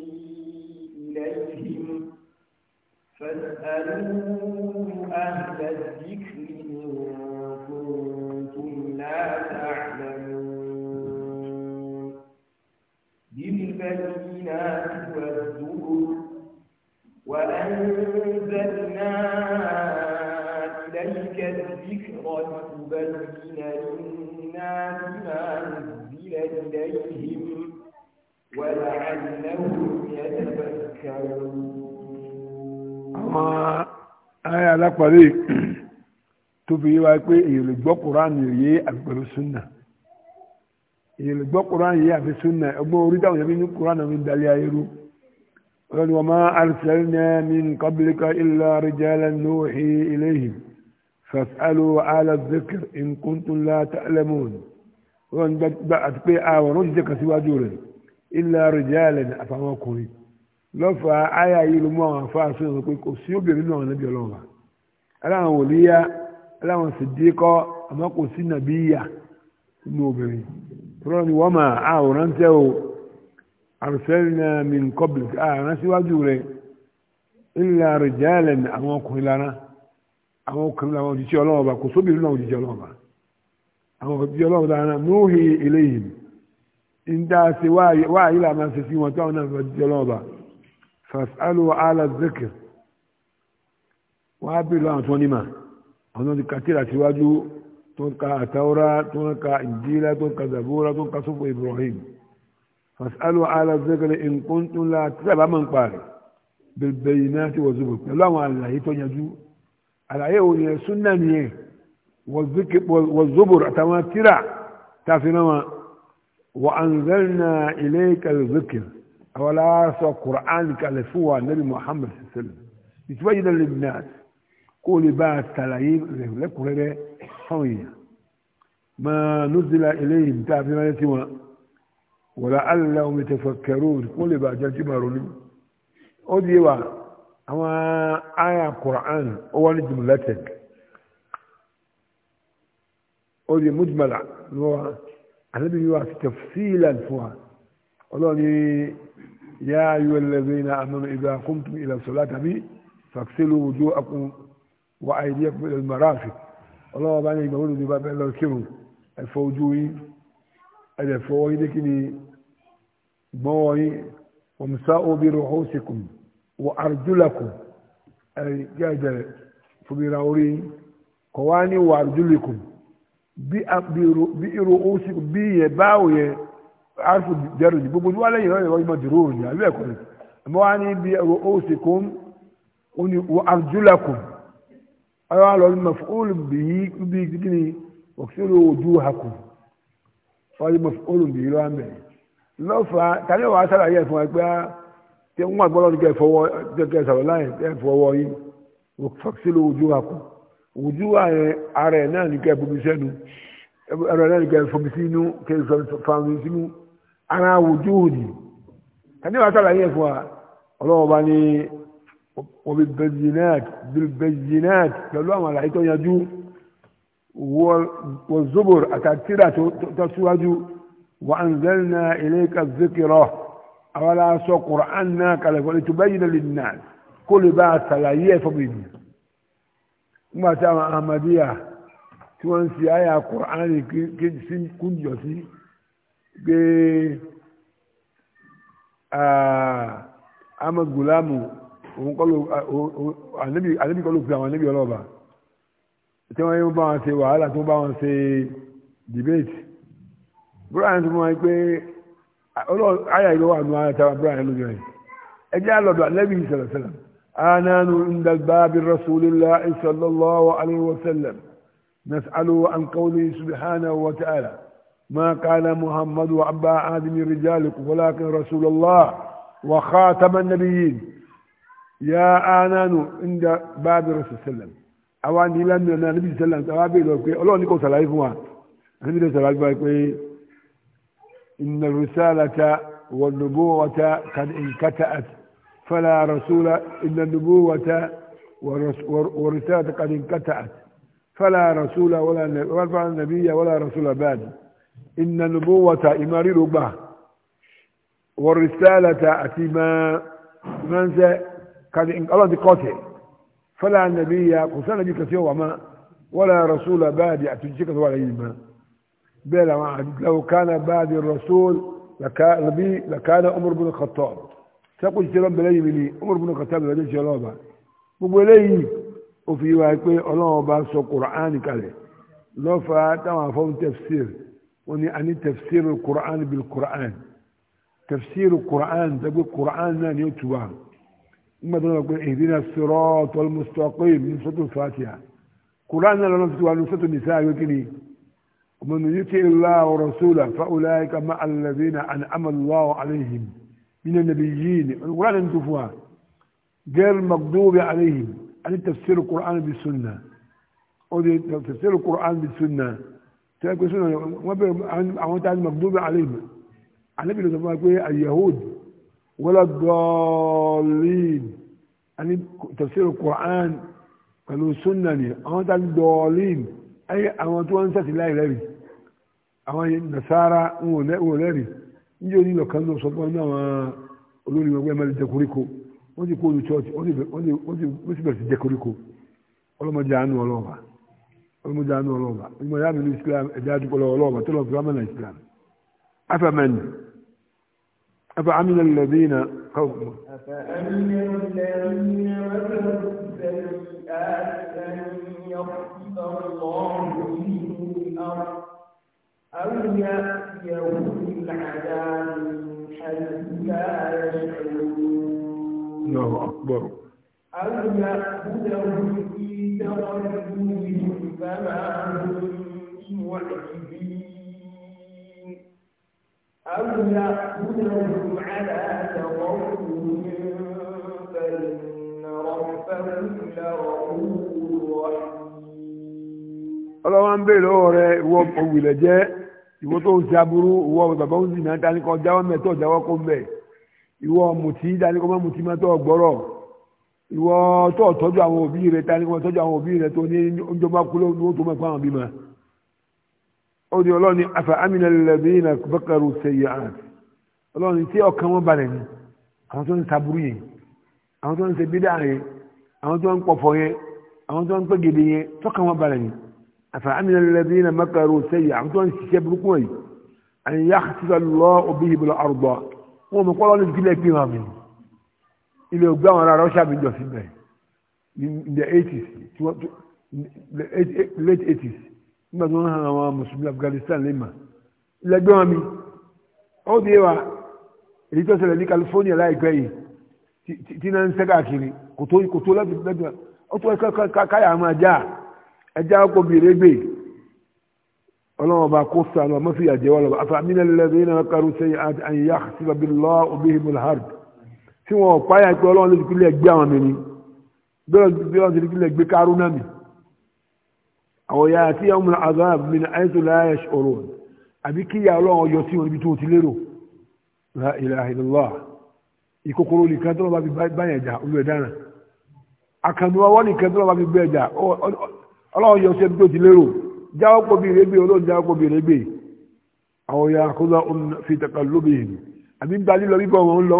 B: إليهم فاسألوا أهل الذكر أنزلنا إليك الذكر لتبين للناس ما نزل إليهم ولعلهم يتفكرون
A: ayé alápàdé tó fi yé wa pé èyàn lè gbọ́ kuraani yé àgbẹ̀rù sunna èyàn lè gbọ́ kuraani yé àfi sunna ẹgbẹ́ orí táwọn yẹn fi ní kuraani mi dalẹ̀ ayé rú. قال وما أرسلنا من قبلك إلا رجالا نوحي إليهم فاسألوا على الذكر إن كنتم لا تعلمون وأتبع ورجك سوى جولا إلا رجالا أفهمكم لفا آية يلموا فاسين يقول سيوبي منه النبي الله ألا وليا ألا صديقا أما قل سنبيا نوبي فراني وما أورانتو arsalna min qablik àrùn síwájú rẹ̀ illa rijalan àwọn ọkùnrin lára àwọn ọkùnrin làwọn òjijì ọlọ́wọ́ bá kò sóbìnrin náà òjijì ọlọ́wọ́ bá àwọn òjijì ọlọ́wọ́ dára nuhi ilayhim nta se waa yi la ma se si wọn tí wọn náà fẹ́ jọlọ ba fasalu ala zikir wàá bí lọ́wọ́ tó ní ma àwọn ti kàtírà síwájú tó ń ka àtàwọ́rá tó ń ka ìjìlá tó ń ka zabura tó ń ka sọ́fọ̀ Ibrahim fasalu ala zikiri in kuntum la tíṣàbá máa ń parí bilbayinati wa zubur pẹ̀lú àwọn àlàyé tó yanjú àlàyé òun yẹn súnà nìyẹn wa zubur àtàwọn tíra tàfin náà wa anzalna ilayka zikir àwọn aláṣọ qur'an kalẹ̀ fún wa nabi muhammad sallam ìtura yìí lè nà kó lè bá a tàlàyé lẹ́kùnrẹ́rẹ́ fáwọn èèyàn máa nùzìlà ilayhim tàfin náà ti wọn wala'allahum yatafakkarun kó lè bàjẹ́ tí màá ronú ó di wa àwọn àyà Qur'an ó wà ní jumlatek ó di mujmala ní wa àlẹ́bí yóò àti tafsilan fún wa ọlọ́ni yá ayọ́ alladhina amanu idha qumtum ila salati tàbí fàkṣẹ́lú wujuhakum wa aydiyakum ila al-marafiq ọlọ́wọ́ bá ní ìgbà wọ́n lè bá bẹ́ẹ̀ lọ kírun ẹ̀fọ́ ojú yìí ẹ̀dẹ̀ fọwọ́ yín kí ni gbọ́wọ́ yín ọ̀mùsá obi ruhusikum wọ arjulakum ẹ̀jẹ̀ fúnra orí kọ̀ wá ní wọ arjulakum bí irú òsìkùn bí yẹ báwo yẹ arfu jẹ́rù ní gbogbo wálé yìí lọ́yẹ̀ lọ́yẹ̀ mọ̀jùrú òní àbí ẹ̀kọ́ ni ẹ̀mọ́ wá ní bí irú òsìkùn arjulakum ọ̀yọ́ wa lọ́ọ́ mọ̀ fún olùbí yìí bí kíni òkìsílò ọdún olùdíyí ló wà ń bẹ̀ lọ́fà tani wàá sàlàyé ẹ̀fọn ẹgbẹ́ tí wọ́n gbọ́dọ̀ ní kẹ́ fọwọ́ kẹ́ sọ̀rọ̀ láì ẹ̀ fọwọ́ yìí fọ́kísílò ojú wa kù ojú wa yẹn ara ẹ̀ náà ní kẹ́ bomi sẹ́nu ara ẹ̀ náà ní kẹ́ fomi sínú kẹ́ fami sínú ara ojú òdì tani wàá sàlàyé ẹ̀fọn wa ọlọ́wọ́ bá ní wọ́n bí bẹ́ẹ̀ والزبر أتاتيرة تسواجو وأنزلنا إليك الذكرى أولا سو قرآننا لتبين للناس كل بعد سلاية فبين ما تعمى أحمدية تون في آية قرآن كن جسي أما غلام النبي النبي قالوا في النبي الله tí wọ́n yóò bá wọn ṣe wàhálà tó bá wọn ṣe debate brian tó mọ̀ ẹ́ pé ayà ìlú wà nù ara tàbí brian lójú ẹ̀ ẹ jẹ́ àlọ́dọ̀ alẹ́bí sallallahu alaihi wasallam anánu inda babi rasulillah sallallahu alaihi wasallam nas'alu an qawli subhanahu wa ta'ala ما كان محمد وأبا آدم رجالكم ولكن رسول الله وخاتم النبيين يا آنان عند باب الرسول àwa ní lámì ọ̀nà níbi ìṣẹ̀lẹ̀ àti àwa bèèrè pé ọlọ́run ní kò sàlàyé fún wa níbi ìṣẹ̀lẹ̀ sàlàyé fún wa pé inna risalata wan nubuwata kad inqata'at fala rasula inna nubuwata wa risalata kad inqata'at fala rasula wala nabiyya wala rasula ba'd inna nubuwata ìmọ̀rírò gbà wa risalata àti ìmọ̀ ìmọ̀ ń ọlọ́run ti kọ́ فلا نبي كسان نبي كسي وما ولا رسول بعد أتجيك ولا يما بلا لو كان بعد الرسول لكان نبي لكان عمر بن الخطاب تقول جلاب بلا يمني عمر بن الخطاب بلا جلابه gbogbo eléyìí ó fi wáyé pé ọlọ́run bá sọ kùránì kalẹ̀ lọ́fà táwọn afọ́n tẹ̀fsír wọn ni a ní tẹ̀fsír kùránì bil kùránì tẹ̀fsír kùránì tẹ́gbẹ́ kùránì náà ni ó tuba nígbà tó ń lọ pé ihdina siratal mustaqim ní sọ́tò fatiha kuran náà lọ́nà tuntun wa ní sọ́tò nìsa ayé kiri man yuti Allaha wa rasulahu fa ulaika ma'a alladhina an'ama Allahu alayhim من النبيين القرآن انتفوا غير المغضوب عليهم أن تفسير القرآن بالسنة أو تفسير القرآن بالسنة تقول سنة ما عن عن المغضوب عليهم عن النبي صلى الله عليه اليهود wala dọ̀ọ̀lìn àní tafsir Qur'an pẹ̀lú sunna ni àwọn tá dọ̀ọ̀lìn ayé àwọn tí wọ́n ń sẹ́sì láì rẹ́rì àwọn nasara ń wò lẹ́rì níjẹ́ oní ìlọ̀kan náà sọ fún ọ́nà àwọn olórí ẹgbẹ́ mẹ́rin jẹ koríko wọ́n ti kó olú church wọ́n ti bẹ̀rẹ̀ sí jẹ koríko ọlọ́mọdé àánú ọlọ́ọ̀bà ọlọ́mọdé àánú ọlọ́ọ̀bà ìmọ̀ yàrá mi ní Islam ẹ̀dá àdúgbò ọlọ́ọ̀bà tó lọ́ọ̀ أفأمن الذين قوموا
B: أفأمن الذين مكروا السيئات أن يخسف الله منهم الأرض أو يأتيهم العذاب حتى لا يشعرون
A: الله أكبر
B: أو يأخذهم في تغيبهم فما هم بمعجزين أو يأخذهم على تغفل فإن ربهم لرؤوف
A: ọlọ́wọ́ ń bèèrè lọ́wọ́ rẹ ìwọ òwìlẹ̀ jẹ́ ìwọ tó ń ṣe aburú ìwọ bàbá ń sìn náà dáníkọ jáwọ́ mẹ́tọ́ jáwọ́ kó ń bẹ̀ ìwọ mùtí dáníkọ má mùtí má tọ́ gbọ́rọ̀ ìwọ tó tọ́jú àwọn òbí rẹ dáníkọ tọ́jú àwọn òbí rẹ tó ní oúnjẹ bá kú lóhùn tó mọ̀ fún àwọn bímọ ó di ọlọ́ni afa amina lẹ́bí na bakaru sẹ́yìn àt ọlọ́ni tí ọkàn wọn balẹ̀ ni àwọn tó ń saburú yẹn àwọn tó ń ṣe bídà yẹn àwọn tó ń pọ̀fọ̀ yẹn àwọn tó ń pẹ́gẹ̀dẹ̀ yẹn tọ́kàn wọn balẹ̀ ni afa amina lẹ́bí na bakaru sẹ́yìn àwọn tó ń ṣiṣẹ́ burúkú yìí àyè yá sísá lọ òbí yìí bọ̀lọ̀ àrùbọ̀ wọn mọ̀ kọ́lọ́ ní ìpínlẹ̀ pé wọn mi ilé ògbé àwọn ará rọ́ṣà mi jọ síbẹ̀ in the eighties late eighties nígbà tó ń han àwọn Afghanistan lè mà lẹ́gbẹ́ wọn mi ó di wa èyí tó ṣẹlẹ̀ ní California láìpẹ́ yìí tí náà ń ṣẹ́ káàkiri kò tó kò tó lẹ́bi lẹ́bi ó tó káyà àwọn ajá ẹja ọkọ̀ bìrẹ́ gbé ọlọ́wọ́n bá kó sànù ọmọ fìyà jẹ́ wọ́n lọ àfàmì lẹ́lẹ́bí náà kárú sẹ́yìn àyà síbàbí lọ́ òbí mulhard tí wọn ò páyà pé ọlọ́wọ́n lè fi kílẹ̀ gbé àwọn mi ni bí wọ́n ti fi kílẹ̀ gbé kárú náà àwọn ya àti yàwó mìíràn azab min àìsù láyà ṣòro àbí kí yà ọlọ́run yọ sí wọn ibi tó ti lérò la ilaha illallah ìkòkòrò nìkan tó lọ́ba fi báyà jà olú ẹ̀ dáná àkàndùn ọwọ́ nìkan tó lọ́ba fi gbé ẹ̀jà ọlọ́run yọ sí ibi tó ti lérò jáwọ́ pọ̀ bí rẹ́gbẹ̀ olóhùn jáwọ́ pọ̀ bí rẹ́gbẹ̀ àwọn ya àkóso fi tẹ̀kọ̀ lóbi yìí àbí ń balí lọ bíbọ̀ wọn ń lọ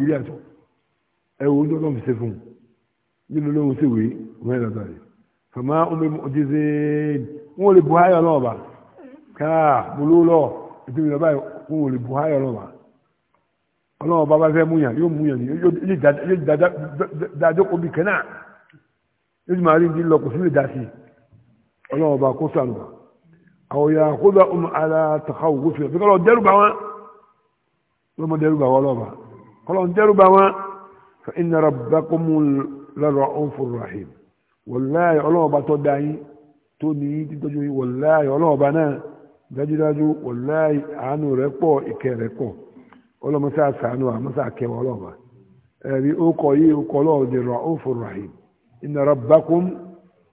A: wọn bọ̀ ẹ wo ní ọlọ́run ṣe fún un nínú lóhun sì wé wọ́n yẹn lọ́dọ̀ rẹ̀ fàmà omi ọ̀dẹ́sẹ̀ wọn ò lè bu ayọ̀ náà bá káà mo ló lọ ètò ìlọ́ba wọn ò lè bu ayọ̀ náà bá ọlọ́run bá bá fẹ́ múyàn yóò múyàn ní yóò dájọ́ omi kẹ́nà yóò máa rí ní lọ́kùn sílẹ̀ dá sí ọlọ́run bá kó sànù bá àwọn ya kó bá ọmọ ara tàkàwọ̀ gbófin ọ̀fẹ́ kọ́lọ́ dẹ́rù bá wọn lọ́mọ dẹ́rù bá wọn lọ́ba kọ́lọ́ dẹ́rù bá wọn. فإن ربكم لرؤوف رحيم والله ọlọ́run bá tó dá yín tó ní yín títọ́jú yín wàláyé ọlọ́run bá náà dájúdájú wàláyé àánú rẹ̀ pọ̀ ìkẹ́ rẹ̀ pọ̀ ọlọ́run sá sàánú àmọ́sá rahim inna rabbakum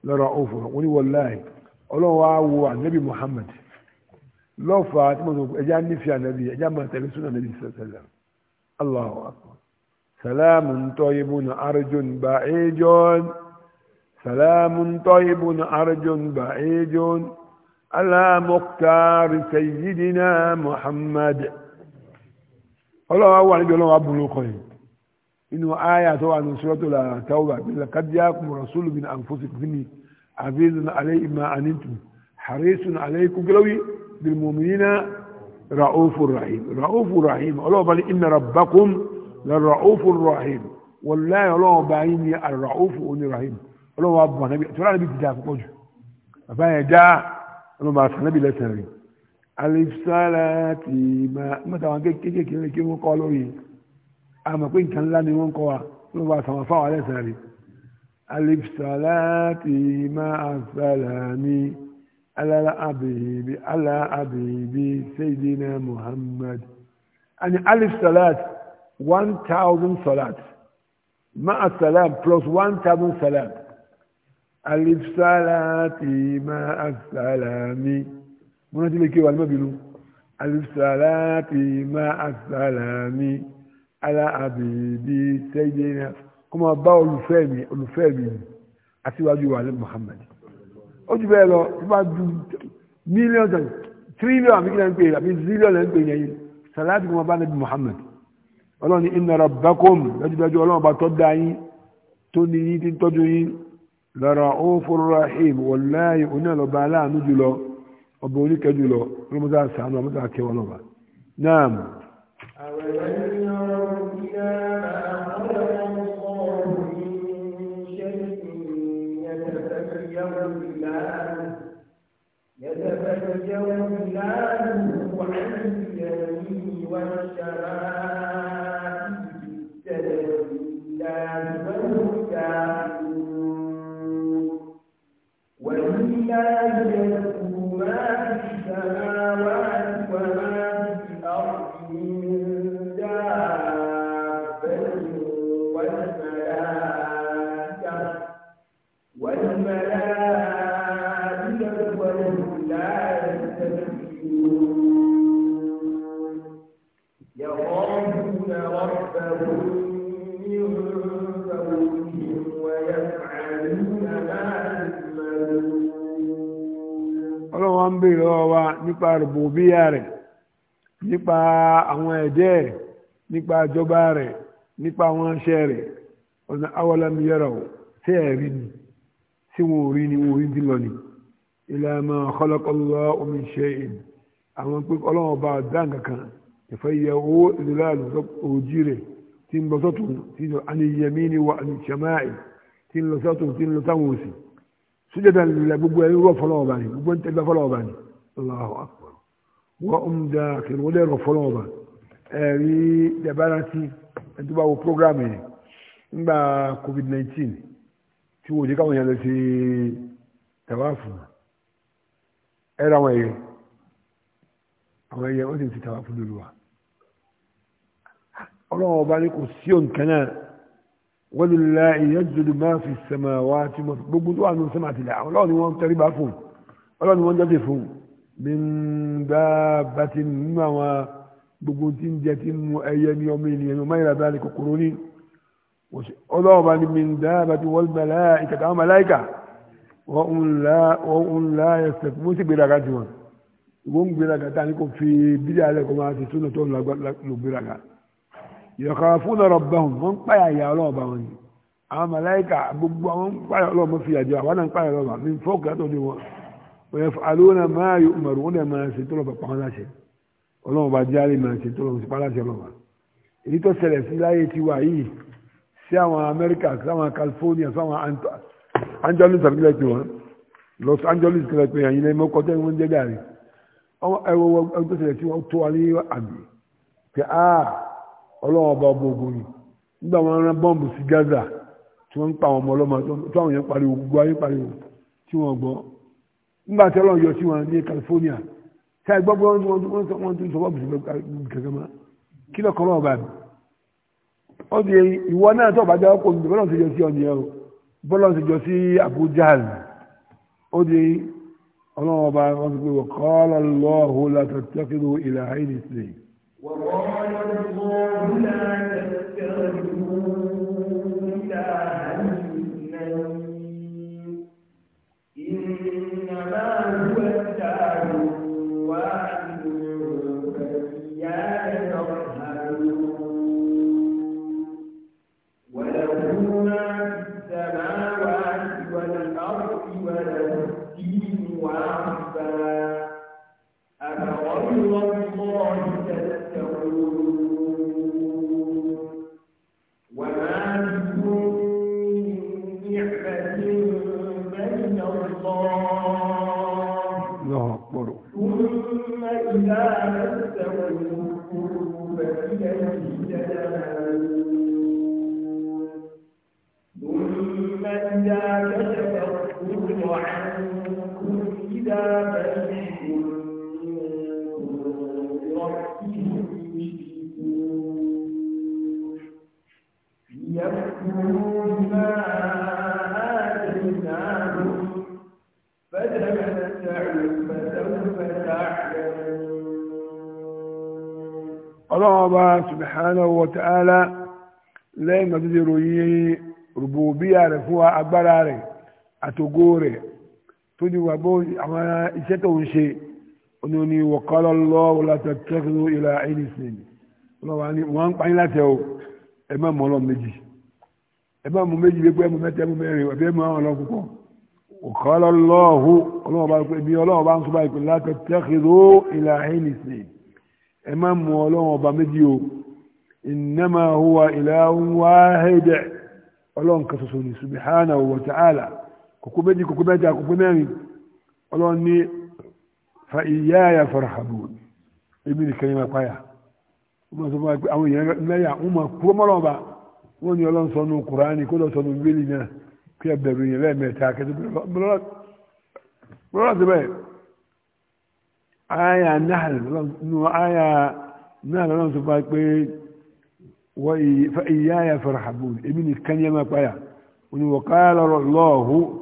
A: la ra'uf سلام طيب أرج بعيد سلام طيب أرج بعيد على مختار سيدنا محمد الله هو جل الله أبو لقين إنه آية طبعا سورة التوبة لقد جاءكم رسول من أنفسكم عزيز عليه ما أنتم حريص عليكم قلوي بالمؤمنين رؤوف رحيم رؤوف رحيم الله بل إن ربكم lọ́rọ̀ọ́fù rahim wọláyìn ọlọ́wọ́ bá yín ní àrọ̀ọ́fù oní rahim ọlọ́wọ́ bọ̀ nàbí tọ́lá nàbí ti dà púpọ̀ jù bàbá yẹn já ọlọ́wọ́ àṣà nàbí lẹ́sẹ̀ rẹ̀ alifisala ti mẹ́ta wọn kékeré kí wọ́n kọ́ lórí àmọ́ pé nǹkan ńlá ni wọ́n kọ́ wa ọlọ́wọ́ àṣà wọn fáwọn lẹ́sẹ̀ rẹ̀ alifisala ti máa sàlà ní aláàbìbí sayyidina muhammad àni alifisala ti. 1000 salat ma'a salam plus 1000 salam alif salati ma'a salami mo rántí lè ké wa ní mọ́bìnú alif salati ma'a salami ala abidi sayyidina kó máa bá olùfẹ́ mi olùfẹ́ mi àtiwájú wa ní Muhammad ó jù bẹ́ẹ̀ lọ tí bá ju mílíọ̀nù tírílíọ̀nù àbí kí lẹ́nu pé àbí zílíọ̀nù lẹ́nu pé yẹn salati kó máa bá nàbí Muhammad ọlọ́run ní inna rabbakum dájúdájú ọlọ́run bá tọ́ da yín tó ní yín tí ń tọ́jú yín lára òfurufú rahim wàláyé oní aláàánú jùlọ ọba oníkẹ́ jùlọ ọlọ́mọdé àṣàánú ọmọdé àkẹwọ́ ọlọ́ba náà. nípa rògbòbíyà rẹ̀ nípa àwọn ẹ̀dẹ́ rẹ̀ nípa àjọba rẹ̀ nípa àwọn iṣẹ́ rẹ̀ ọ̀nà awọ́lámi yẹra o ṣé ẹ̀ rí ni tí wọn ò rí ni wọn ò rí ti lọ ni ìlànà ọ̀kọ́lọ́kọ́lọ́ omi ṣe é àwọn pé ọlọ́wọ́n bá dáǹkà kan ìfẹ́ yẹ owó ìdílé àlùsọ òjì rẹ̀ tí ń lọ sọ́tún tí ń lọ aniyẹmí ni wà ní ṣẹmáì tí ń lọ sọ́tún tí ń lọ sáwọn òsì sójà dàn lẹ gbogbo ẹni rọ fọlọ́wọ́ bá ní gbogbo ń tẹ́gbẹ́ fọlọ́wọ́ bá ní. Allahu akbar wọ́n ń da kìnnìún wọ́n dẹ̀rọ fọ́lọ́wọ́ bá ẹ̀rí dẹ̀bárántì ẹni tó bá wo program yẹn nígbà covid-19 tí wọ́n ò jẹ́ káwọn yẹn lọ sí tàwáàfù ẹ̀rọ àwọn ẹ̀yẹ àwọn ẹ̀yẹ wọ́n sì ń ti tàwáàfù lólu wa ọlọ́wọ́ bá ní kò sí òǹkan náà wọ́n lè la ìyẹn jòlù máa fi sẹ̀mà wá tí mo gbogbo tó wà nínú sẹ́mà àtìlẹ̀ ọlọ́wọ́ ni wọ́n tẹrí bá fún ọlọ́wọ́ ni wọ́n jẹ́ mímgbà bàtí nínú àwọn gbogbo tí ń jẹ tí ń mu ẹyẹ ní ọmọ ènìyàn ní ọmọ ìlànà àti kòkòrò ní ọlọ́ọ̀bá ni mímgbà bàtí wọ́n gbàlá ìkàtà àwọn màláìkà wọ́n ń la ẹsẹ̀ fún sí gbéraga tiwọn ìwọ́n ń gbéraga tá a ní kò fi bídí alẹ́ kó máa ti súnà tó lò gbéraga ìyọ̀kàrà fún ọ̀rọ̀ bá wọn wọ́n ń pààyà ìyá ọlọ́ọ̀bá wọn ni àwọn màláìkà gbogbo àwọn ń pààyà ọlọ́ọ̀bá fi àjọ àwọn náà ń pààyà ọlọ́ọ̀bá mi fọ́ọ̀kì látọ̀ ní wọn. ويفعلون ما يؤمرون ما سيتلو بقواناشي ọlọ́run bá jáde máa ṣe tó lọ́wọ́ sí pálásì ọlọ́wà èyí tó ṣẹlẹ̀ sí láyé ti wà yìí sí àwọn amẹ́ríkà sí àwọn california sí àwọn angeles àbílẹ̀ pé wọ́n los angeles kílẹ̀ pé àyìn lẹ́yìn mọ́kọ́ tẹ́ wọ́n jẹ́ gàrí ẹwọ́ ẹgbẹ́ tó ṣẹlẹ̀ sí wọ́n tó wà ní àmì pé a ah, ọlọ́run ọba ọba ogun ni nígbà wọn rán bọ́ǹbù sí gaza tí wọ́n ń pa àwọn ọmọ ọlọ́mọ tó àwọn yẹn pariwo gbogbo ayé pariwo tí wọ́n gbọ́ nígbà tí ọlọ́run yọ sí wọn ní California tí a gbọ́gbọ́ wọn tó wọ́n tó sọ bọ́ọ̀bù gẹ́gẹ́ mọ́ kí lọ́kọ́ náà bá mi ó di ìwọ náà tó bá jẹ́ ọkọ̀ mi bọ́lọ̀ ti jọ sí ọ̀nìyàn o bọ́lọ̀ ti jọ sí Abuja ó di ọlọ́run ọba wọn ti pé wọ́n kọ́ lọ́hùn látàtàkìlú ìlà àìníṣẹ́.
B: wọ́n kọ́ lọ́hùn látàtàkìlú
A: subhanahu wa ta'ala lẹ́yìn tó ti ròyìn rùbùbíyà rẹ̀ fún wa agbára rẹ̀ àtògó rẹ̀ tó ti wà bó àwọn iṣẹ́ tó ń ṣe ọ̀nà ni wa qala Allahu la tattakhidhu ilaha illa isnayni wọ́n ń pa yín láti ẹ̀ o ẹ má mú ọlọ́run méjì ẹ má mú méjì gbégbé ẹ mú mẹ́ta ẹ mú mẹ́rin ọ̀bí ẹ mú àwọn púpọ̀ wa qala Allahu ọlọ́run bá ń sọ báyìí pé la tattakhidhu ilaha illa isnayni má mú ọlọ́run ọba méjì o innama huwa ilahun wahide ọlọ́run kan ṣoṣo ní subhanahu wa ta'ala kòkó méjì kòkó mẹ́ta kòkó mẹ́rin ọlọ́run ní fa iyaya farhabun ebi nìkan yẹn máa páyà wọ́n máa sọ fún wa pé àwọn èèyàn lẹ́yà wọ́n máa kú ọmọlọ́wọ́ bá wọ́n ní ọlọ́run sọ nù kùránì kó lọ sọ nù bíbélì náà kí ẹ bẹ̀rù yẹn lẹ́ẹ̀mẹ́ta kẹ́tọ́ bọ́lá ti bẹ́ẹ̀ aya náà lọ́nà sọ fún wa pé. فإياي فارحبون إبني كان يما قايا وقال الله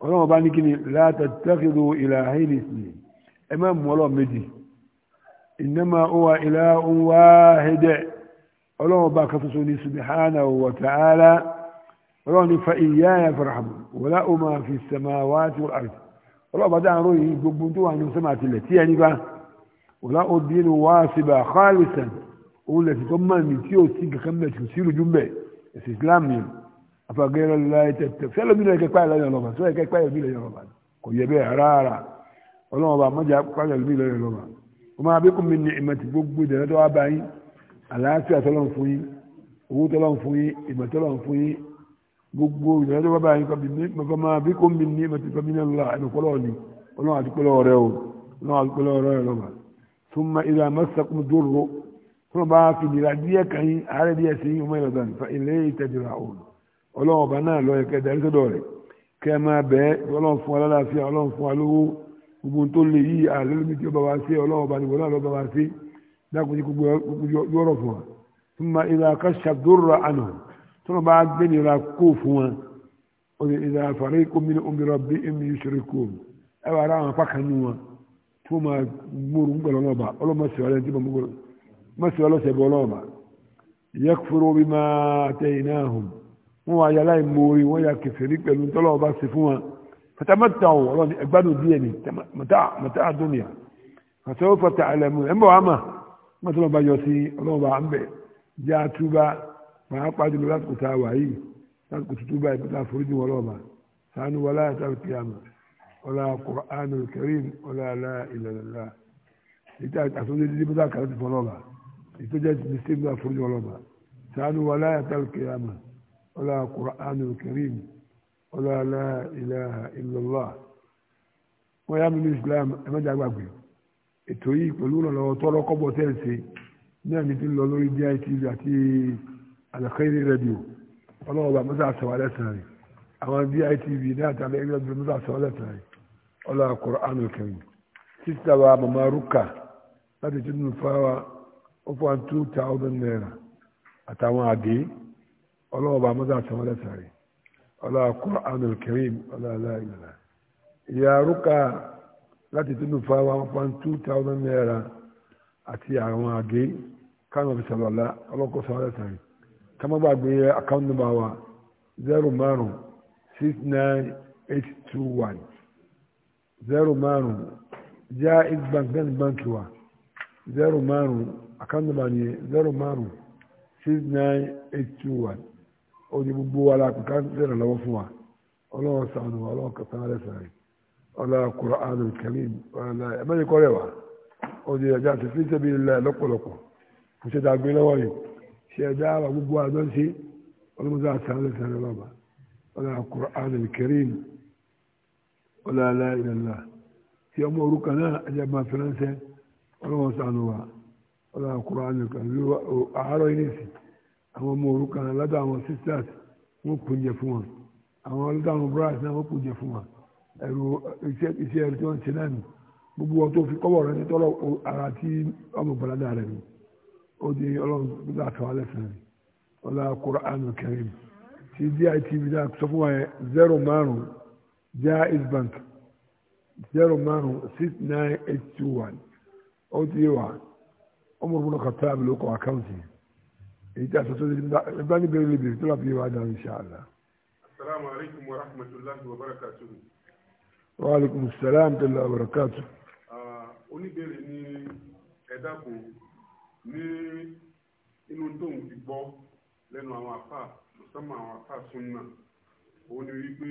A: ولما باني كني لا تتخذوا إلهين اثنين إمام ولا مدي إنما هو إله واحد ولما باك فسوني سبحانه وتعالى ولما فإياي فارحبون ولا أما في السماوات والأرض ولما بدأ روي ببنتو عن سماعة التي يعني ولا أدين واسبا خالصا òun lẹ̀sìn tó máa mi tí ò sí kankan mẹ̀ tí ò sí ìrújú mẹ̀ ẹ̀sìn Islam ni afagẹ́rẹ́ láyé tẹ̀tẹ̀ fẹ́lẹ́ mi lọ kẹ́kọ́ àyè lọ́yọ̀ lọ́ba sọ́yẹ́ kẹ́kọ́ àyè mi lọ́yọ̀ lọ́ba kò yẹ bẹ́ẹ̀ rárá ọlọ́wọ́n bá mọ́jà pàṣẹ mi lọ́yọ̀ lọ́ba ọmọ abẹ́kùn mi ní ìmọ̀tì gbogbo ìdẹ̀rẹ́ tó wá bá yín àlàáfíà tọ́lọ́n fún yín owó tọ́lọ́n fún yín ìmọ̀ tọ́lọ́n fún yín gbogbo ìdẹ̀rẹ́ tó wá bá yín kọ́mọ abẹ́kùn mi ní ìmọ̀tì kọ́mí náà lọ́la ẹnu kọ́lọ́ ni ọlọ́wọ́n àti kọ́lọ́ rẹ o ọlọ́wọ́n àti kọ́lọ́ rẹ lọ́ba tó ma ìlà mọ́sàkùn dóró tí wọ́n bá fi ìlera díẹ̀ kan yín ààrẹ díẹ̀ sí ọmọ ìlọ́dàn ilé ìtẹ̀jọra òòlù ọlọ́run ọba náà lọ ẹ̀kẹ́ darí sọ́dọ̀ rẹ̀ kẹ́ ẹ máa bẹ́ẹ̀ ọlọ́run fún wa lálàáfíà ọlọ́run fún wa lówó gbogbo tó lè yí àlẹ́lómi tí ó bá wa ṣe ọlọ́run ọba nìwọ̀n náà lọ́ bá wa ṣe dákun yìí gbogbo yọ̀rọ̀ fún wa fún ma ìlà kásàdúrà àná tí wọ́n bá gbé nira kó fún mọ́sí ọlọ́sẹ̀ bọ́ ọlọ́ọ̀mà yakfuru bima ataynahum wọn wà yàrá ìmoore wọn yà kẹfẹ́rí pẹ̀lú tọ́lọ́ ọba sí fún wọn fatamata wọn ọlọ́run ní ẹgbádùn díẹ̀ ní mata adúniya kàtọ́ fata àlẹ́mú ẹ̀ ń bọ̀ wá mà wọn tọ́lọ́ ọba yọ sí ọlọ́run ọba ń bẹ̀ jẹ́ àtúbà pàápàá jùlọ lásìkò tá a wà yìí lásìkò tuntun báyìí pátá àforíjì wọn ọlọ́ọ̀ba sànù wọlé àtàwọn kìlámà ولا قرآن الكريم ولا لا إله إلا الله إذا أتوني دي بذاك أنت فلولا ìtọ́jẹ́ ti sẹ́gbà fún ọlọ́ba sàánú wa láyà tàlùkìyàmà ọlá kùránù kìrìm ọlá ilaha illallah wọ́n yá mímú islam ẹ̀mẹ́jà gbàgbé ètò yìí pẹ̀lú ìrànlọ́wọ́ tọ́rọ kọ́bọ̀ tẹ́ẹ̀sì ní àmì tí ń lọ lórí DITV àti àlàkẹ́rì rẹ́díò ọlọ́wọ́ bá mọ́sá àṣọwálẹ̀ sàn rẹ̀ àwọn DITV ní àtàlẹ́ ẹgbẹ́ bí mọ́sá àṣọwálẹ̀ sàn rẹ̀ ọlá kùránù kìrìm sísítà wa màmá rúkà ó fún wa naira àtàwọn àdé ọlọ́wọ́ bá mọ́tò àti ọmọdé sáré ọlọ́wọ́ Qur'anul Karim ọlọ́wọ́ láti tún fa one point two thousand naira àti àwọn àgé káwọn ọ̀fíìsì ọlọ́lá ọlọ́kọ̀ sọ́wọ́dé sáré káwọn gbàgbé account number wa zero six nine eight two one zero bank bank wa. zero márùn àkáǹtì nàmbà ni zero márùn six nine eight two one ó gbogbo wa la kàn káńtì rẹ̀ fún wa wa ọlọ́run kẹta rẹ̀ sàánù ọlá Qur'anul Karim ọlá ẹ̀mẹ́rin kọ́ rẹ̀ ẹja àti fíṣẹ́ bíi ilẹ̀ lọ́pọ̀lọpọ̀ kò ṣe dàgbé lọ́wọ́ yìí ṣe ẹja wa gbogbo ọmọ orúkọ náà máa ọlọ́wọ́n sànù wa ọlọ́wọ́n Kùránì nìkan ló àárọ̀ yìí nìsí àwọn ọmọ òrukàn lọ́dọ̀ àwọn sisters wọ́n kò jẹ fún wọn àwọn lọ́dọ̀ àwọn brothers náà wọ́n kò jẹ fún wọn ẹ̀rù iṣẹ́ ẹ̀rù tí wọ́n ti náà nì gbogbo wọn tó fi kọ́bọ̀ rẹ ní tọ́lọ̀ ara tí ọmọ balada rẹ ni ó di ọlọ́run gbọ́dọ̀ àtàwọn alẹ́ sàn ni ọlọ́wọ́n Kùránì Karim ti DITV náà sọ fún wa yẹn zero márùn Jaiz Bank zero márùn six nine eight two one ó ti yé wa ọmọ òbúrò kàtà àbí lóko àkáǹtì èyí tí a sọ sóde nígbà níbi èrè lèbèrè tó láti yé wa dáhùn inṣàlá.
C: asalaamu alaykum wa rahmatulahi wa barakatuhu.
A: wa alaykum salaam wa rahmatulahi wa barakatuhu.
C: Ah, oníbèrè ni ẹ̀dá kò ní inú tóun ti gbọ́ lẹ́nu àwọn àfà musamman àwọn àfà sunna òun ni wípé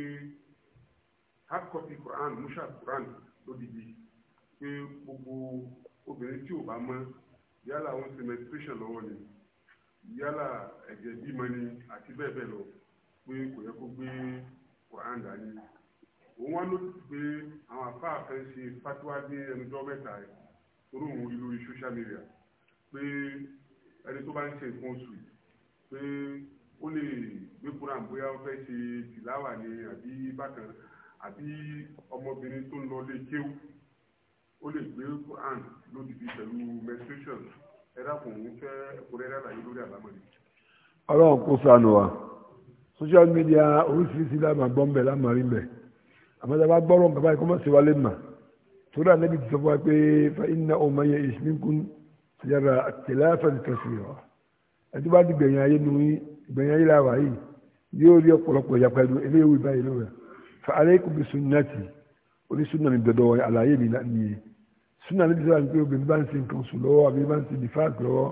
C: hard copy Quran musha Quran lódìdí pé gbogbo obìnrin tí ò bá mọ́ yálà wọn ṣe menstruation lọ́wọ́ ni yálà ẹ̀jẹ̀ bímọ ni àti bẹ́ẹ̀ bẹ́ẹ̀ lọ pé kò yẹ kó gbé Quran dání òun wá ló ti pé àwọn àfáà kan ṣe fatiwa ní ẹnudọ́ mẹ́ta torí òun rí social media pé ẹni tó bá ń ṣe nǹkan oṣù pé ó lè gbé Quran bóyá ó fẹ́ ṣe tìláwà ni àbí bákan àbí ọmọbìnrin tó ń lọ lé kéwù ó lè gbé quran lódìdí pẹ̀lú menstruation ẹ dákun òun fẹ́ ẹ̀kúnrẹ́rẹ́ àlàyé lórí àlámọ̀lẹ́.
A: ọlọ́run kó sànù wa social media oríṣiríṣi láàmà gbọ́n bẹ̀ láàmà rí bẹ̀ àmọ́ tá a bá gbọ́rọ̀ nǹkan báyìí kó má ṣe wá lè mà torí ànábì ti sọ fún wa pé fa iná ọmọ yẹn ìṣmínkún yàrá tẹ̀lé àfẹ́sì tẹ̀sí wa ẹtí bá di gbẹ̀yìn ayé nìyí gbẹ̀yìn ayé làwà yìí yóò rí ọ̀pọ̀lọpọ̀ ìyapa ẹnu eléyìí wí báyìí lóore fa alaykum bi sunnati onísùnà mi dọ̀dọ̀ àlàyé mi nìyẹn súnà níbi sọ́wọ́ pé obìnrin bá ń ṣe nǹkan sùn lọ́wọ́ àbí bá ń ṣe nìfà lọ́wọ́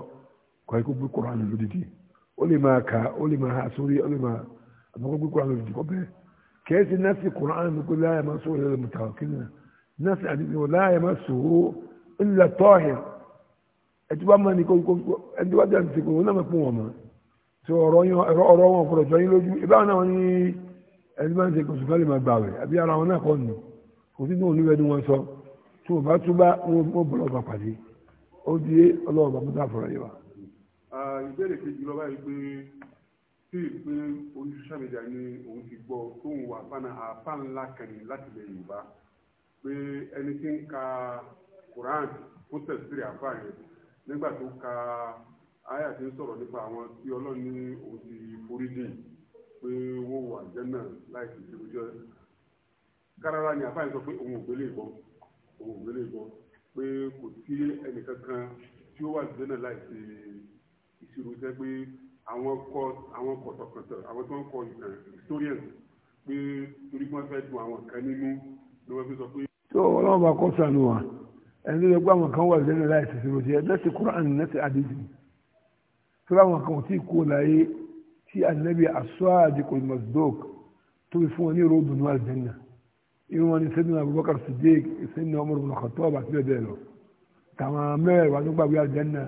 A: kọ́ ẹ kó gbé kóra lọ lódìdí ó lè máa kà ó lè máa ha sórí ó lè máa àmọ́ kó gbé kóra lọ lódìdí kọ́ bẹ́ẹ̀ kẹ́sì nọ́ọ̀sì kóra lọ lódìdí láyà máa sọ̀rọ̀ lẹ́nu mùtà òkìlì nọ́ọ̀sì àdìsí wọn láyà máa sọ̀rọ̀ ńlá tọ́ọ̀hìn ẹtí wàá máa ní kó ẹtí wàá jáde sèkò wọn náà máa pọ̀ wọn mọ́ tí ọ̀rọ̀ wọn fọ̀rọ̀ jọ yín lójú ìbáwọn náà wọn ní ẹni máa ń ṣe kòsùkálì máa gbà wẹ̀ àbí ara wọn náà kọ́ nù kò sí ní òun níbẹ̀ ni wọ́n sọ tó bá túbá wọ́n bọ̀lọ́ bá pàdé ó di ọlọ́ọ̀bá mútà fọ̀rọ̀ yìí wa.
C: ìbéèrè kejì lọ́ba yìí pé tí ìpín ojú sàmìjà ni òun ti gbọ́ tóun wà fana àfa ńlá kàní láti lè yorùbá pé ẹni tí ń ka Quran ó tẹ̀sírí àfa yẹn nígbà tó ka aya ti ń sọ̀rọ̀ nípa àwọn tí ọlọ́run ní òun ti forí dìn pé wọ́n wà jẹ́ láì fi ṣe ojú ni àfa yẹn sọ pé òun ò gbélé ìbọn òun ò lè gbọ́ pé kò sí ẹnìkankan tí ó wà lóde náà láì ṣe ìṣirò iṣẹ́ pé àwọn kọ àwọn kọ̀tọ̀kọ̀tọ̀ àwọn tó ń kọ ìtàn historians pé torí pé wọ́n fẹ́ dùn àwọn kan nínú ló wọ́n fi sọ pé.
A: tó ọlọ́run bá kọ́ sànù wa ẹni tó lè gbọ́ àwọn kan wà lóde náà láì ṣe ìṣirò iṣẹ́ lẹ́sì Quran lẹ́sì àdéjì tó láwọn kan ò tí ì kó láyé tí ànábì aswad kò mọ̀ fún wọn ní ròdùnú àlùjànnà irun wọn ni sẹ́dínà Abubakar Siddiq sẹ́dínà Umar ibn Khattab àti bẹ́ẹ̀ bẹ́ẹ̀ lọ tàwọn mẹ́rẹ̀ wà nígbà wíwá jẹ́nà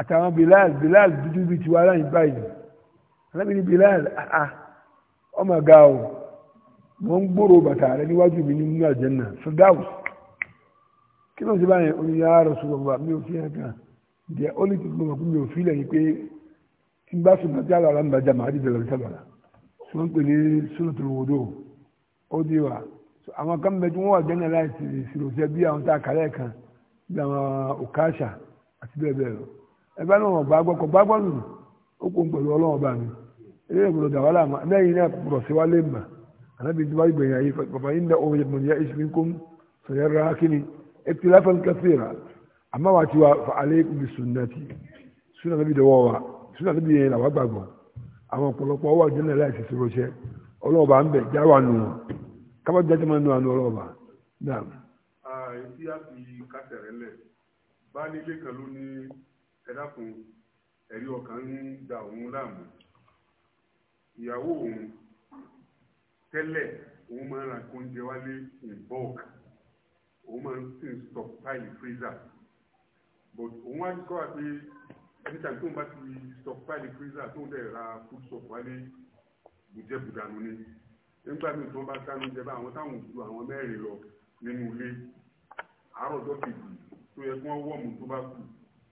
A: àtàwọn Bilal Bilal dúdú bíi tiwa aláìní báyìí alábi ni Bilal àà ah, ah, ọmọ ga o mo ń gbòòrò bàtà rẹ níwájú mi nínú àjẹ́nà Firdaus kí ló ń ṣe báyìí oníyàrá Rasulullah mi ò fi hàn kan díẹ̀ ó ní tuntun mọ̀ pé mi ò fi lẹ́yìn pé tí n bá sùn láti àlọ́ àlọ́ ń bàjá màá dìde lọ́sàbàlà tí wọ́n ń pè ní sunnatul wudu ó dé wa àwọn kan bẹ tí wọn wà generalize ìṣiròṣẹ bí àwọn tá a kàlẹ kan bí àwọn òkàṣà àti bẹ́ẹ̀ bẹ́ẹ̀ lọ ẹ bá lọ́wọ́ gbàgbọ́ kọ gbàgbọ́ nù ó kó ń pẹ̀lú ọlọ́wọ́ bá mi eré ìgbọ̀dọ̀ dà wà láàmú lẹ́yìn náà pọ̀rọ̀ sí wa lé mà ànábi tí wàá gbẹ̀yìn ayé bàbá yín dá òun yẹn yẹ ìṣin kó ń sọ̀rọ̀ ra kíni ẹ ti láfẹ́ nǹkan sí ra àmọ́ wa ti wa fa alẹ́ kùbi sunnati sunnati bi dọ̀wọ́ wa sunnati bi yẹn làwọn gbàgbọ́ àwọn ọ̀pọ̀lọpọ̀ wà kábà jáde máa ń lo àánú ọlọ́wọ́ bá dáa.
C: àìsí àti kásẹ̀rẹ̀ lẹ̀ bá nílé kan ló ní ẹ̀dákun ẹ̀rí ọkàn ń da òun láàmú ìyàwó òun tẹ́lẹ̀ òun máa ń ra oúnjẹ wálé in bulk òun máa ń sin stockpile freezer but òun wá kọ́ wa pé anytime tóun bá ti stockpile freezer tóun dẹ̀ ra food stock wálé bùjẹ́ bùdànù ni nígbà míì tí wọ́n bá sáré oúnjẹ bá àwọn táwọn ju àwọn mẹ́rin lọ nínú ilé àárọ̀ ọjọ́ kejì tó yẹ kí wọ́n wọ́ọ̀mù tó bá kù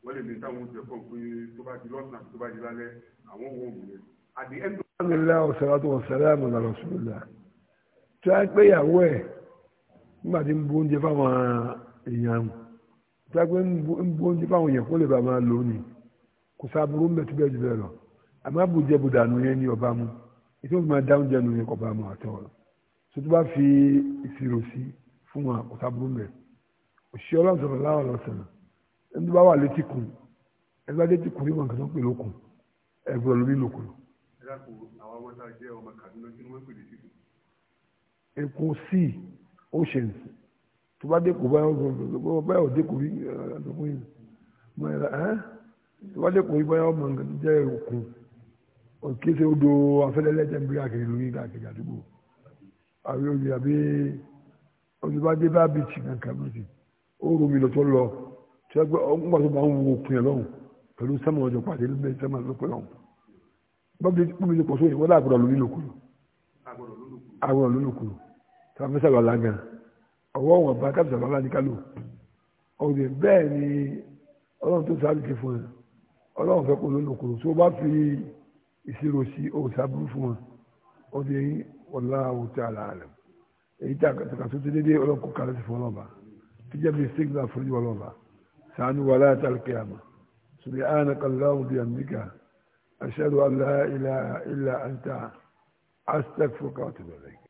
C: wọ́n lè ní táwọn oúnjẹ kan pé tó bá di lọ́sàn àti tó bá di lálẹ́ àwọn wọ́ọ̀mù yẹn. àdé ẹnu.
A: alhamdulilayi wa salatu wa salam ala rasulillah tí a pé ìyàwó ẹ̀ nígbà tí ń bu oúnjẹ fáwọn èèyàn tí a pé ń bu oúnjẹ fáwọn èèyàn kó lè bàa máa lò ó ni kò sábúrú ń bẹ tí ètò ìfún máa dáhùn jẹ́ nínú ẹ̀kọ́ bá máa tọ̀ ọ́ tó tó bá fi ìṣirò sí fún wa kò sábúrú mẹ́ òṣìṣẹ́ ọlọ́run sọ̀rọ̀ láwọn lọ́sàn ẹni tó bá wà létí kun ẹni bá létí kun níwọ̀n kan tó ń pè lókun ẹgbẹ́ lórí lókun. èkó sí oceans tó bá dé kò bá yọ̀ dé kò rí ẹ̀ ẹ̀ tó bá dé kò rí bá yọ̀ mọ̀ nǹkan tó jẹ́ òkun kí ṣe odò afẹ́lẹ́lẹ́jẹ̀ ń bí káàkiri lórí káàkiri àdúgbò àbí omi àbí olùbádé bá bí tì kankan bí tì ó romi lọ́tọ́ lọ tí wọ́n gbé ọgbà tó máa ń wo òpin ẹ̀ lọ́hùn pẹ̀lú sẹ́mọ̀ ọjọ́ pàdé lóbi sẹ́mọ̀ lọ́pẹ́ lọ́hùn bọ́bí bíbí ti pọ̀ sóyè wọ́n láàgbọ̀dọ̀ lórí lòkulò àgbọ̀dọ̀ lórí lòkulò tí wọ́n fẹ́ sàlọ́ lágàn ọwọ́ wọn bá káàbí sàlọ́ lá ní kálò ọ̀dẹ̀ bẹ́ẹ̀ ni ọlọ́run tó sáré ti fún ẹ ọlọ́run fẹ́ kó lórí lòkulò tó bá fi ìṣirò sí òòsà burú fún wọn ó di wallahu ta'ala alam èyí tí a tó ti dédé ọlọ́kùn kalẹ̀ sí fún ọlọ́ba tí jẹ́ bí sígbà fún ìwọ ọlọ́ba sànú wà láti alkiyama subhanaka allahumma wa bihamdika ashhadu an la ilaha illa anta astaghfiruka wa atubu ilayk